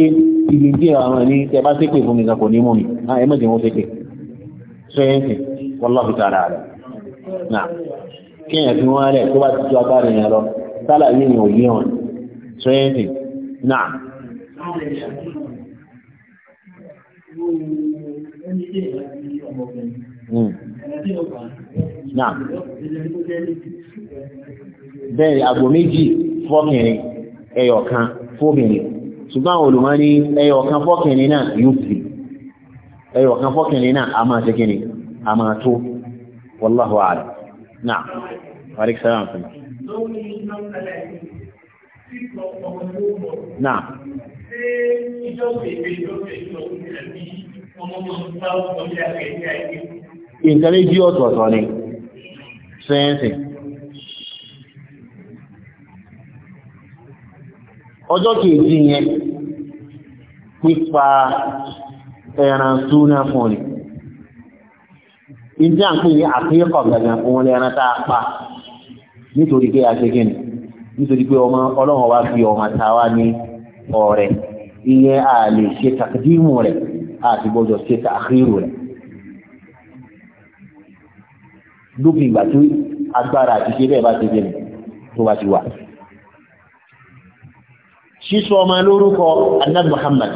ibi tí àwọn ẹni tẹ bá ṣépè fún mi kan kò ní mú mi ah, ẹ mọ̀ tí wọ́n ṣépè ṣẹ́yìnsì wọ́lọ́fi tààrà rẹ̀ náà kí èèyàn fi wọ́n rẹ̀ tó bá ti ju agbára èèyàn lọ sálà yìí ni òye hàn ṣẹ́yìnsì náà. Mm. náà bẹ́ẹ̀ àgbò méjì fọ́kìnrin ẹyọ̀kan fóbìnrin ṣùgbọ́n olùmọ́ ní ẹyọ̀kan fọ́kìnrin náà yóò fi ẹyọ̀kan náà a máa tẹ́kìnì a máa tó wallahu a'lam náà fún náà sẹ́ẹ̀sì ọjọ́ kejì yẹn pípa ẹran súnà fún rẹ̀ ìdí à ń pè ní àfíkọ̀ gbẹ̀gbẹ̀ fún ẹran a pa nítorí pé a ṣe gẹ́nì nítorí pé ọmọ ọlọ́run wá fi ọmọ ní ọ̀rẹ́ ìyẹn a lè a ṣe lópin ìgbà tó agbára àti ṣe bẹ́ẹ̀ bá ti dé tó bá ti wà. sísọ ọmọ lórúkọ anabi Muhammad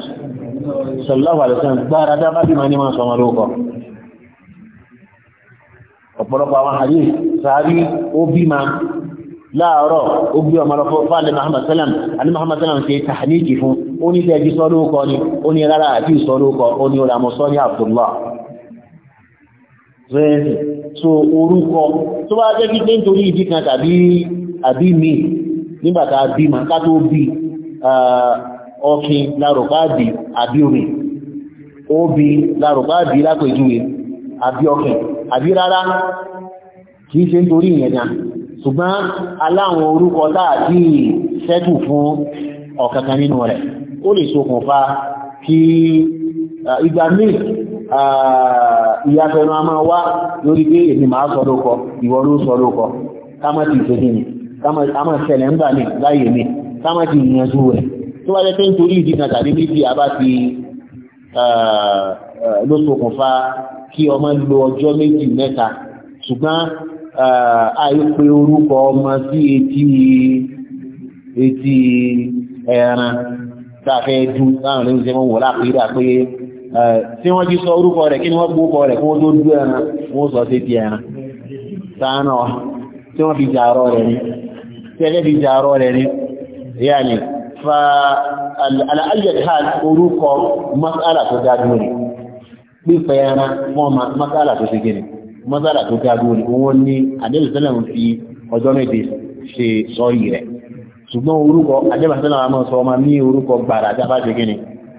sallallahu alaihi wasallam gbára dábàá bí màá ní máa sọ ọmọ lórúkọ ọ̀pọ̀lọpọ̀ àwọn àyè sàárì ó bí ma láàárọ̀ ó gbé ọmọlọpọ̀ fàálẹ̀ Muhammad salam alì Muhammad salam ṣe tàhálíkì fún ó ní tẹ́jú sọ́lọ́kọ́ ni ó ní rárá àti ìsọ́lọ́kọ́ ó ní ọ̀làmọ́sọ́ ní Abdullah rẹ̀rì so orúkọ tó bá jẹ́ kíkẹ́ nítorí ìdí kan tàbí àbí mi nígbàtà bí ma ká tó bí ọkìn lárọ̀páàbì àbí omi óbi lárọ̀páàbì lápẹjúwe àbí ọkìn àbí rárá kìí ṣe nítorí ìyẹ̀dá ṣùgbọ́n aláwọn orúkọ láàbí sẹ́tù fún ọ̀kankan nínú rẹ̀ ó lè ṣokùnfà kí ìgbà míì Ah, ìyàfẹ́nu a máa wá lórí pé èmi máa sọ lókọ ìwọ ló sọ lókọ kámá ti ṣe kíni kámá ṣẹlẹ̀ ń gbà mí láyé mi kámá ti yanjú rẹ̀ tó wá jẹ́ pé nítorí ìdí kan tàbí méjì a bá ti ah, ah, ló kí ọmọ lo ọjọ́ méjì mẹ́ta ṣùgbọ́n àìpé orúkọ ọmọ sí etí ẹran tàfẹ́ dùn láàrin ìṣẹ́mọ̀ lápẹ́ tí wọ́n jí sọ orúkọ rẹ̀ kí ni wọ́n gbókọ rẹ̀ kí wọ́n tó dú ẹran wọ́n sọ sí ti ẹran sáánà wa tí wọ́n fi jàrọ rẹ̀ ni tí ẹgbẹ́ fi jàrọ rẹ̀ ni yà ni fa aláàjẹ̀hàn orúkọ masala tó dájú rẹ̀ pípẹ́ ẹran fún fi ọjọ́ méje ṣe sọ́rí rẹ̀ ṣùgbọ́n orúkọ adébẹ̀sẹ́lẹ̀ máa sọ ọmọ ní orúkọ gbàrà tí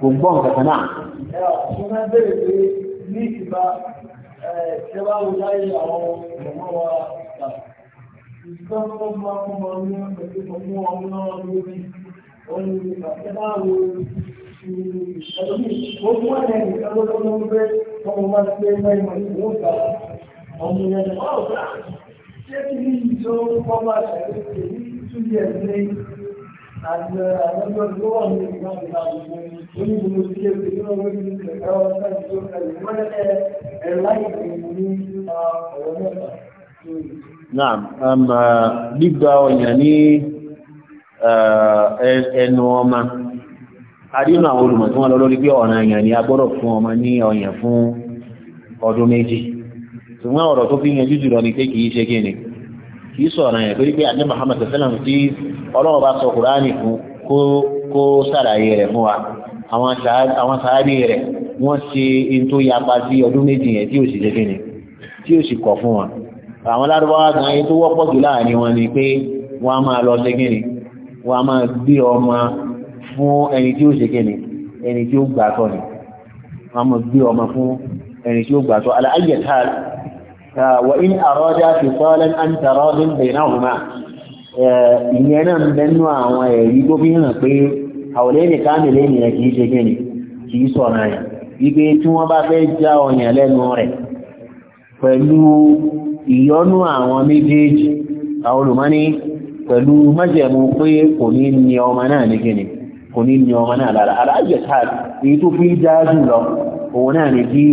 kò gbọ́ nǹkan kan náà. mo máa ń bèrè pé ní ìgbà ṣe bá wo láyé àwọn ọmọ wa gbà ìgbà tó máa fún wọn ní ọ̀sẹ̀ fún wọn náà lórí wọn ni ṣe bá wo ó fún ẹ̀yìn nìkan ló lọ́wọ́ pé ọmọ máa ń gbé ẹgbẹ́ ìmọ̀ ìlú ọ̀gá ọmọ yẹn ni wọ́n ọ̀gá ṣé kí ní ìjọ ọmọ àṣà ìṣèlú tún yẹ ní And uh, I remember going to the when we were kids, you know, when the Naam, ụlọ gbígba ọ̀yàn ní ẹnu ọmọ. A rí náà olùmọ̀ tí wọ́n lọ lórí pé ọ̀nà a fún ọmọ ní fún ọdún méjì. ọ̀rọ̀ tó fi ni pé kìí ṣe kì í sọ̀rọ̀ yẹn torí pé àdé Muhammad sallam tí ọlọ́run bá sọ kùránì fún kó kó sàlàyé rẹ̀ fún wa àwọn sàábì rẹ̀ wọ́n ṣe in tó yapa sí ọdún méjì yẹn tí ò sì jẹ́gẹ́ ni tí ò sì kọ̀ fún wa àwọn lárúbáwá kan yẹn tó wọ́pọ̀ jù láàrin wọn ni pé wọ́n á máa lọ jẹ́gẹ́ ni wọ́n á máa gbé ọmọ fún ẹni tí ó jẹ́gẹ́ ẹni tí ó gbà ni wọ́n á máa gbé ọmọ fún ẹni tí ó gbà وإن أرادا فصالا أن تراض بينهما ìyẹn náà ń bẹnu àwọn ẹ̀rí tó fi hàn pé àwọlẹ́ni káàmìlẹ́ ènìyàn kìí ṣe gẹ́ni kìí sọ̀rọ̀ rẹ̀ wípé tí wọ́n bá fẹ́ já ọ̀yàn lẹ́nu rẹ̀ pẹ̀lú ìyọnú àwọn méjèèjì àwọn pẹ̀lú májẹ̀mú pé kò ní ní ọmọ náà ní gẹ́ni kò ní ní ọmọ náà lára alájẹ̀ká èyí tó fi dáa lọ òun náà ní bí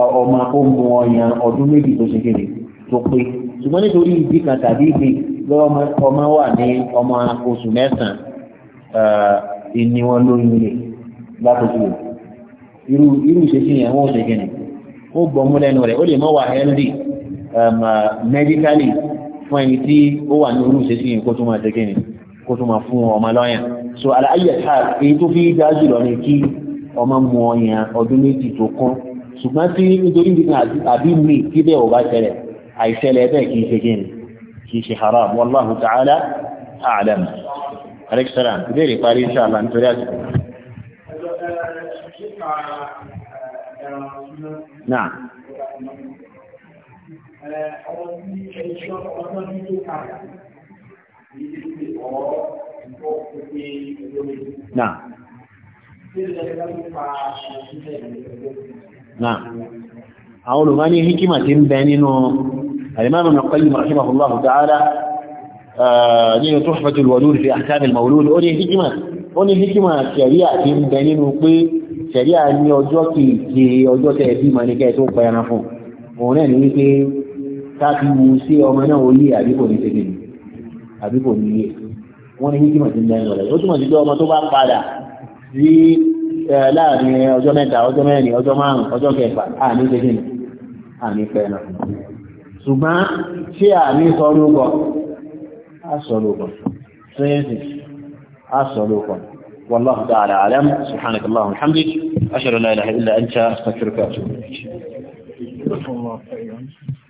ọmọ ó mu ọyàn ọdún méjì tó ṣe kéde tó pé ṣùgbọ́n nítorí ìdí kan tàbí ìgbé lọ́wọ́ ọmọ wà ní ọmọ oṣù mẹ́sàn-án eh, ìní wọn lórí ilé látọ̀jú rẹ̀ irú irú ìṣesí yẹn wọ́n ṣe kéde ó gbọ́ mú lẹ́nu rẹ̀ ó lè mọ́ wà healthy um, medically fún ẹni tí ó wà ní irú ìṣesí yẹn kó tún máa ṣe kéde kó tún máa fún ọmọ lọ́yàn so àlàyé ẹ̀ka èyí tó fi dájú lọ ni kí ọmọ mu ọyàn ọdún méjì tó kún ṣùgbọ́n tí nítorí àbí mi tí bẹ́ẹ̀ ò bá ṣẹlẹ̀ àìṣẹlẹ̀ bẹ́ẹ̀ kìí ṣe gẹ́ni kìí ṣe haram wallahu ta'ala a'lam alexalam ìbéèrè parí inshallah nítorí àti náà àwọn olùmọ́ ní hikima ti ń bẹ nínú alimami na kọlu rahimahullahu ta'ala uh, nínú tuhfatul walud fi ahkamil mawlud ó ní hikima ó ní hikima ṣẹ̀ríà ti ń bẹ nínú pé ṣẹ̀ríà ní ọjọ́ kìí ọjọ́ tẹ́ bí ma ní kẹ́ tó pẹ̀yàn fún òun náà ní láàrin ọjọ́ mẹ́ta ọjọ́ mẹ́rin ọjọ́ márùn-ún ọjọ́ kẹfà àní gẹ́gẹ́ àní fẹ́ràn ṣùgbọ́n ṣé àní sọ́lọ́gbọ̀ asọ́lọ́gbọ̀ sẹ́yẹ́sì والله تعالى أعلم سبحانك اللهم وبحمدك أشهد أن لا إله إلا أنت أستغفرك وأتوب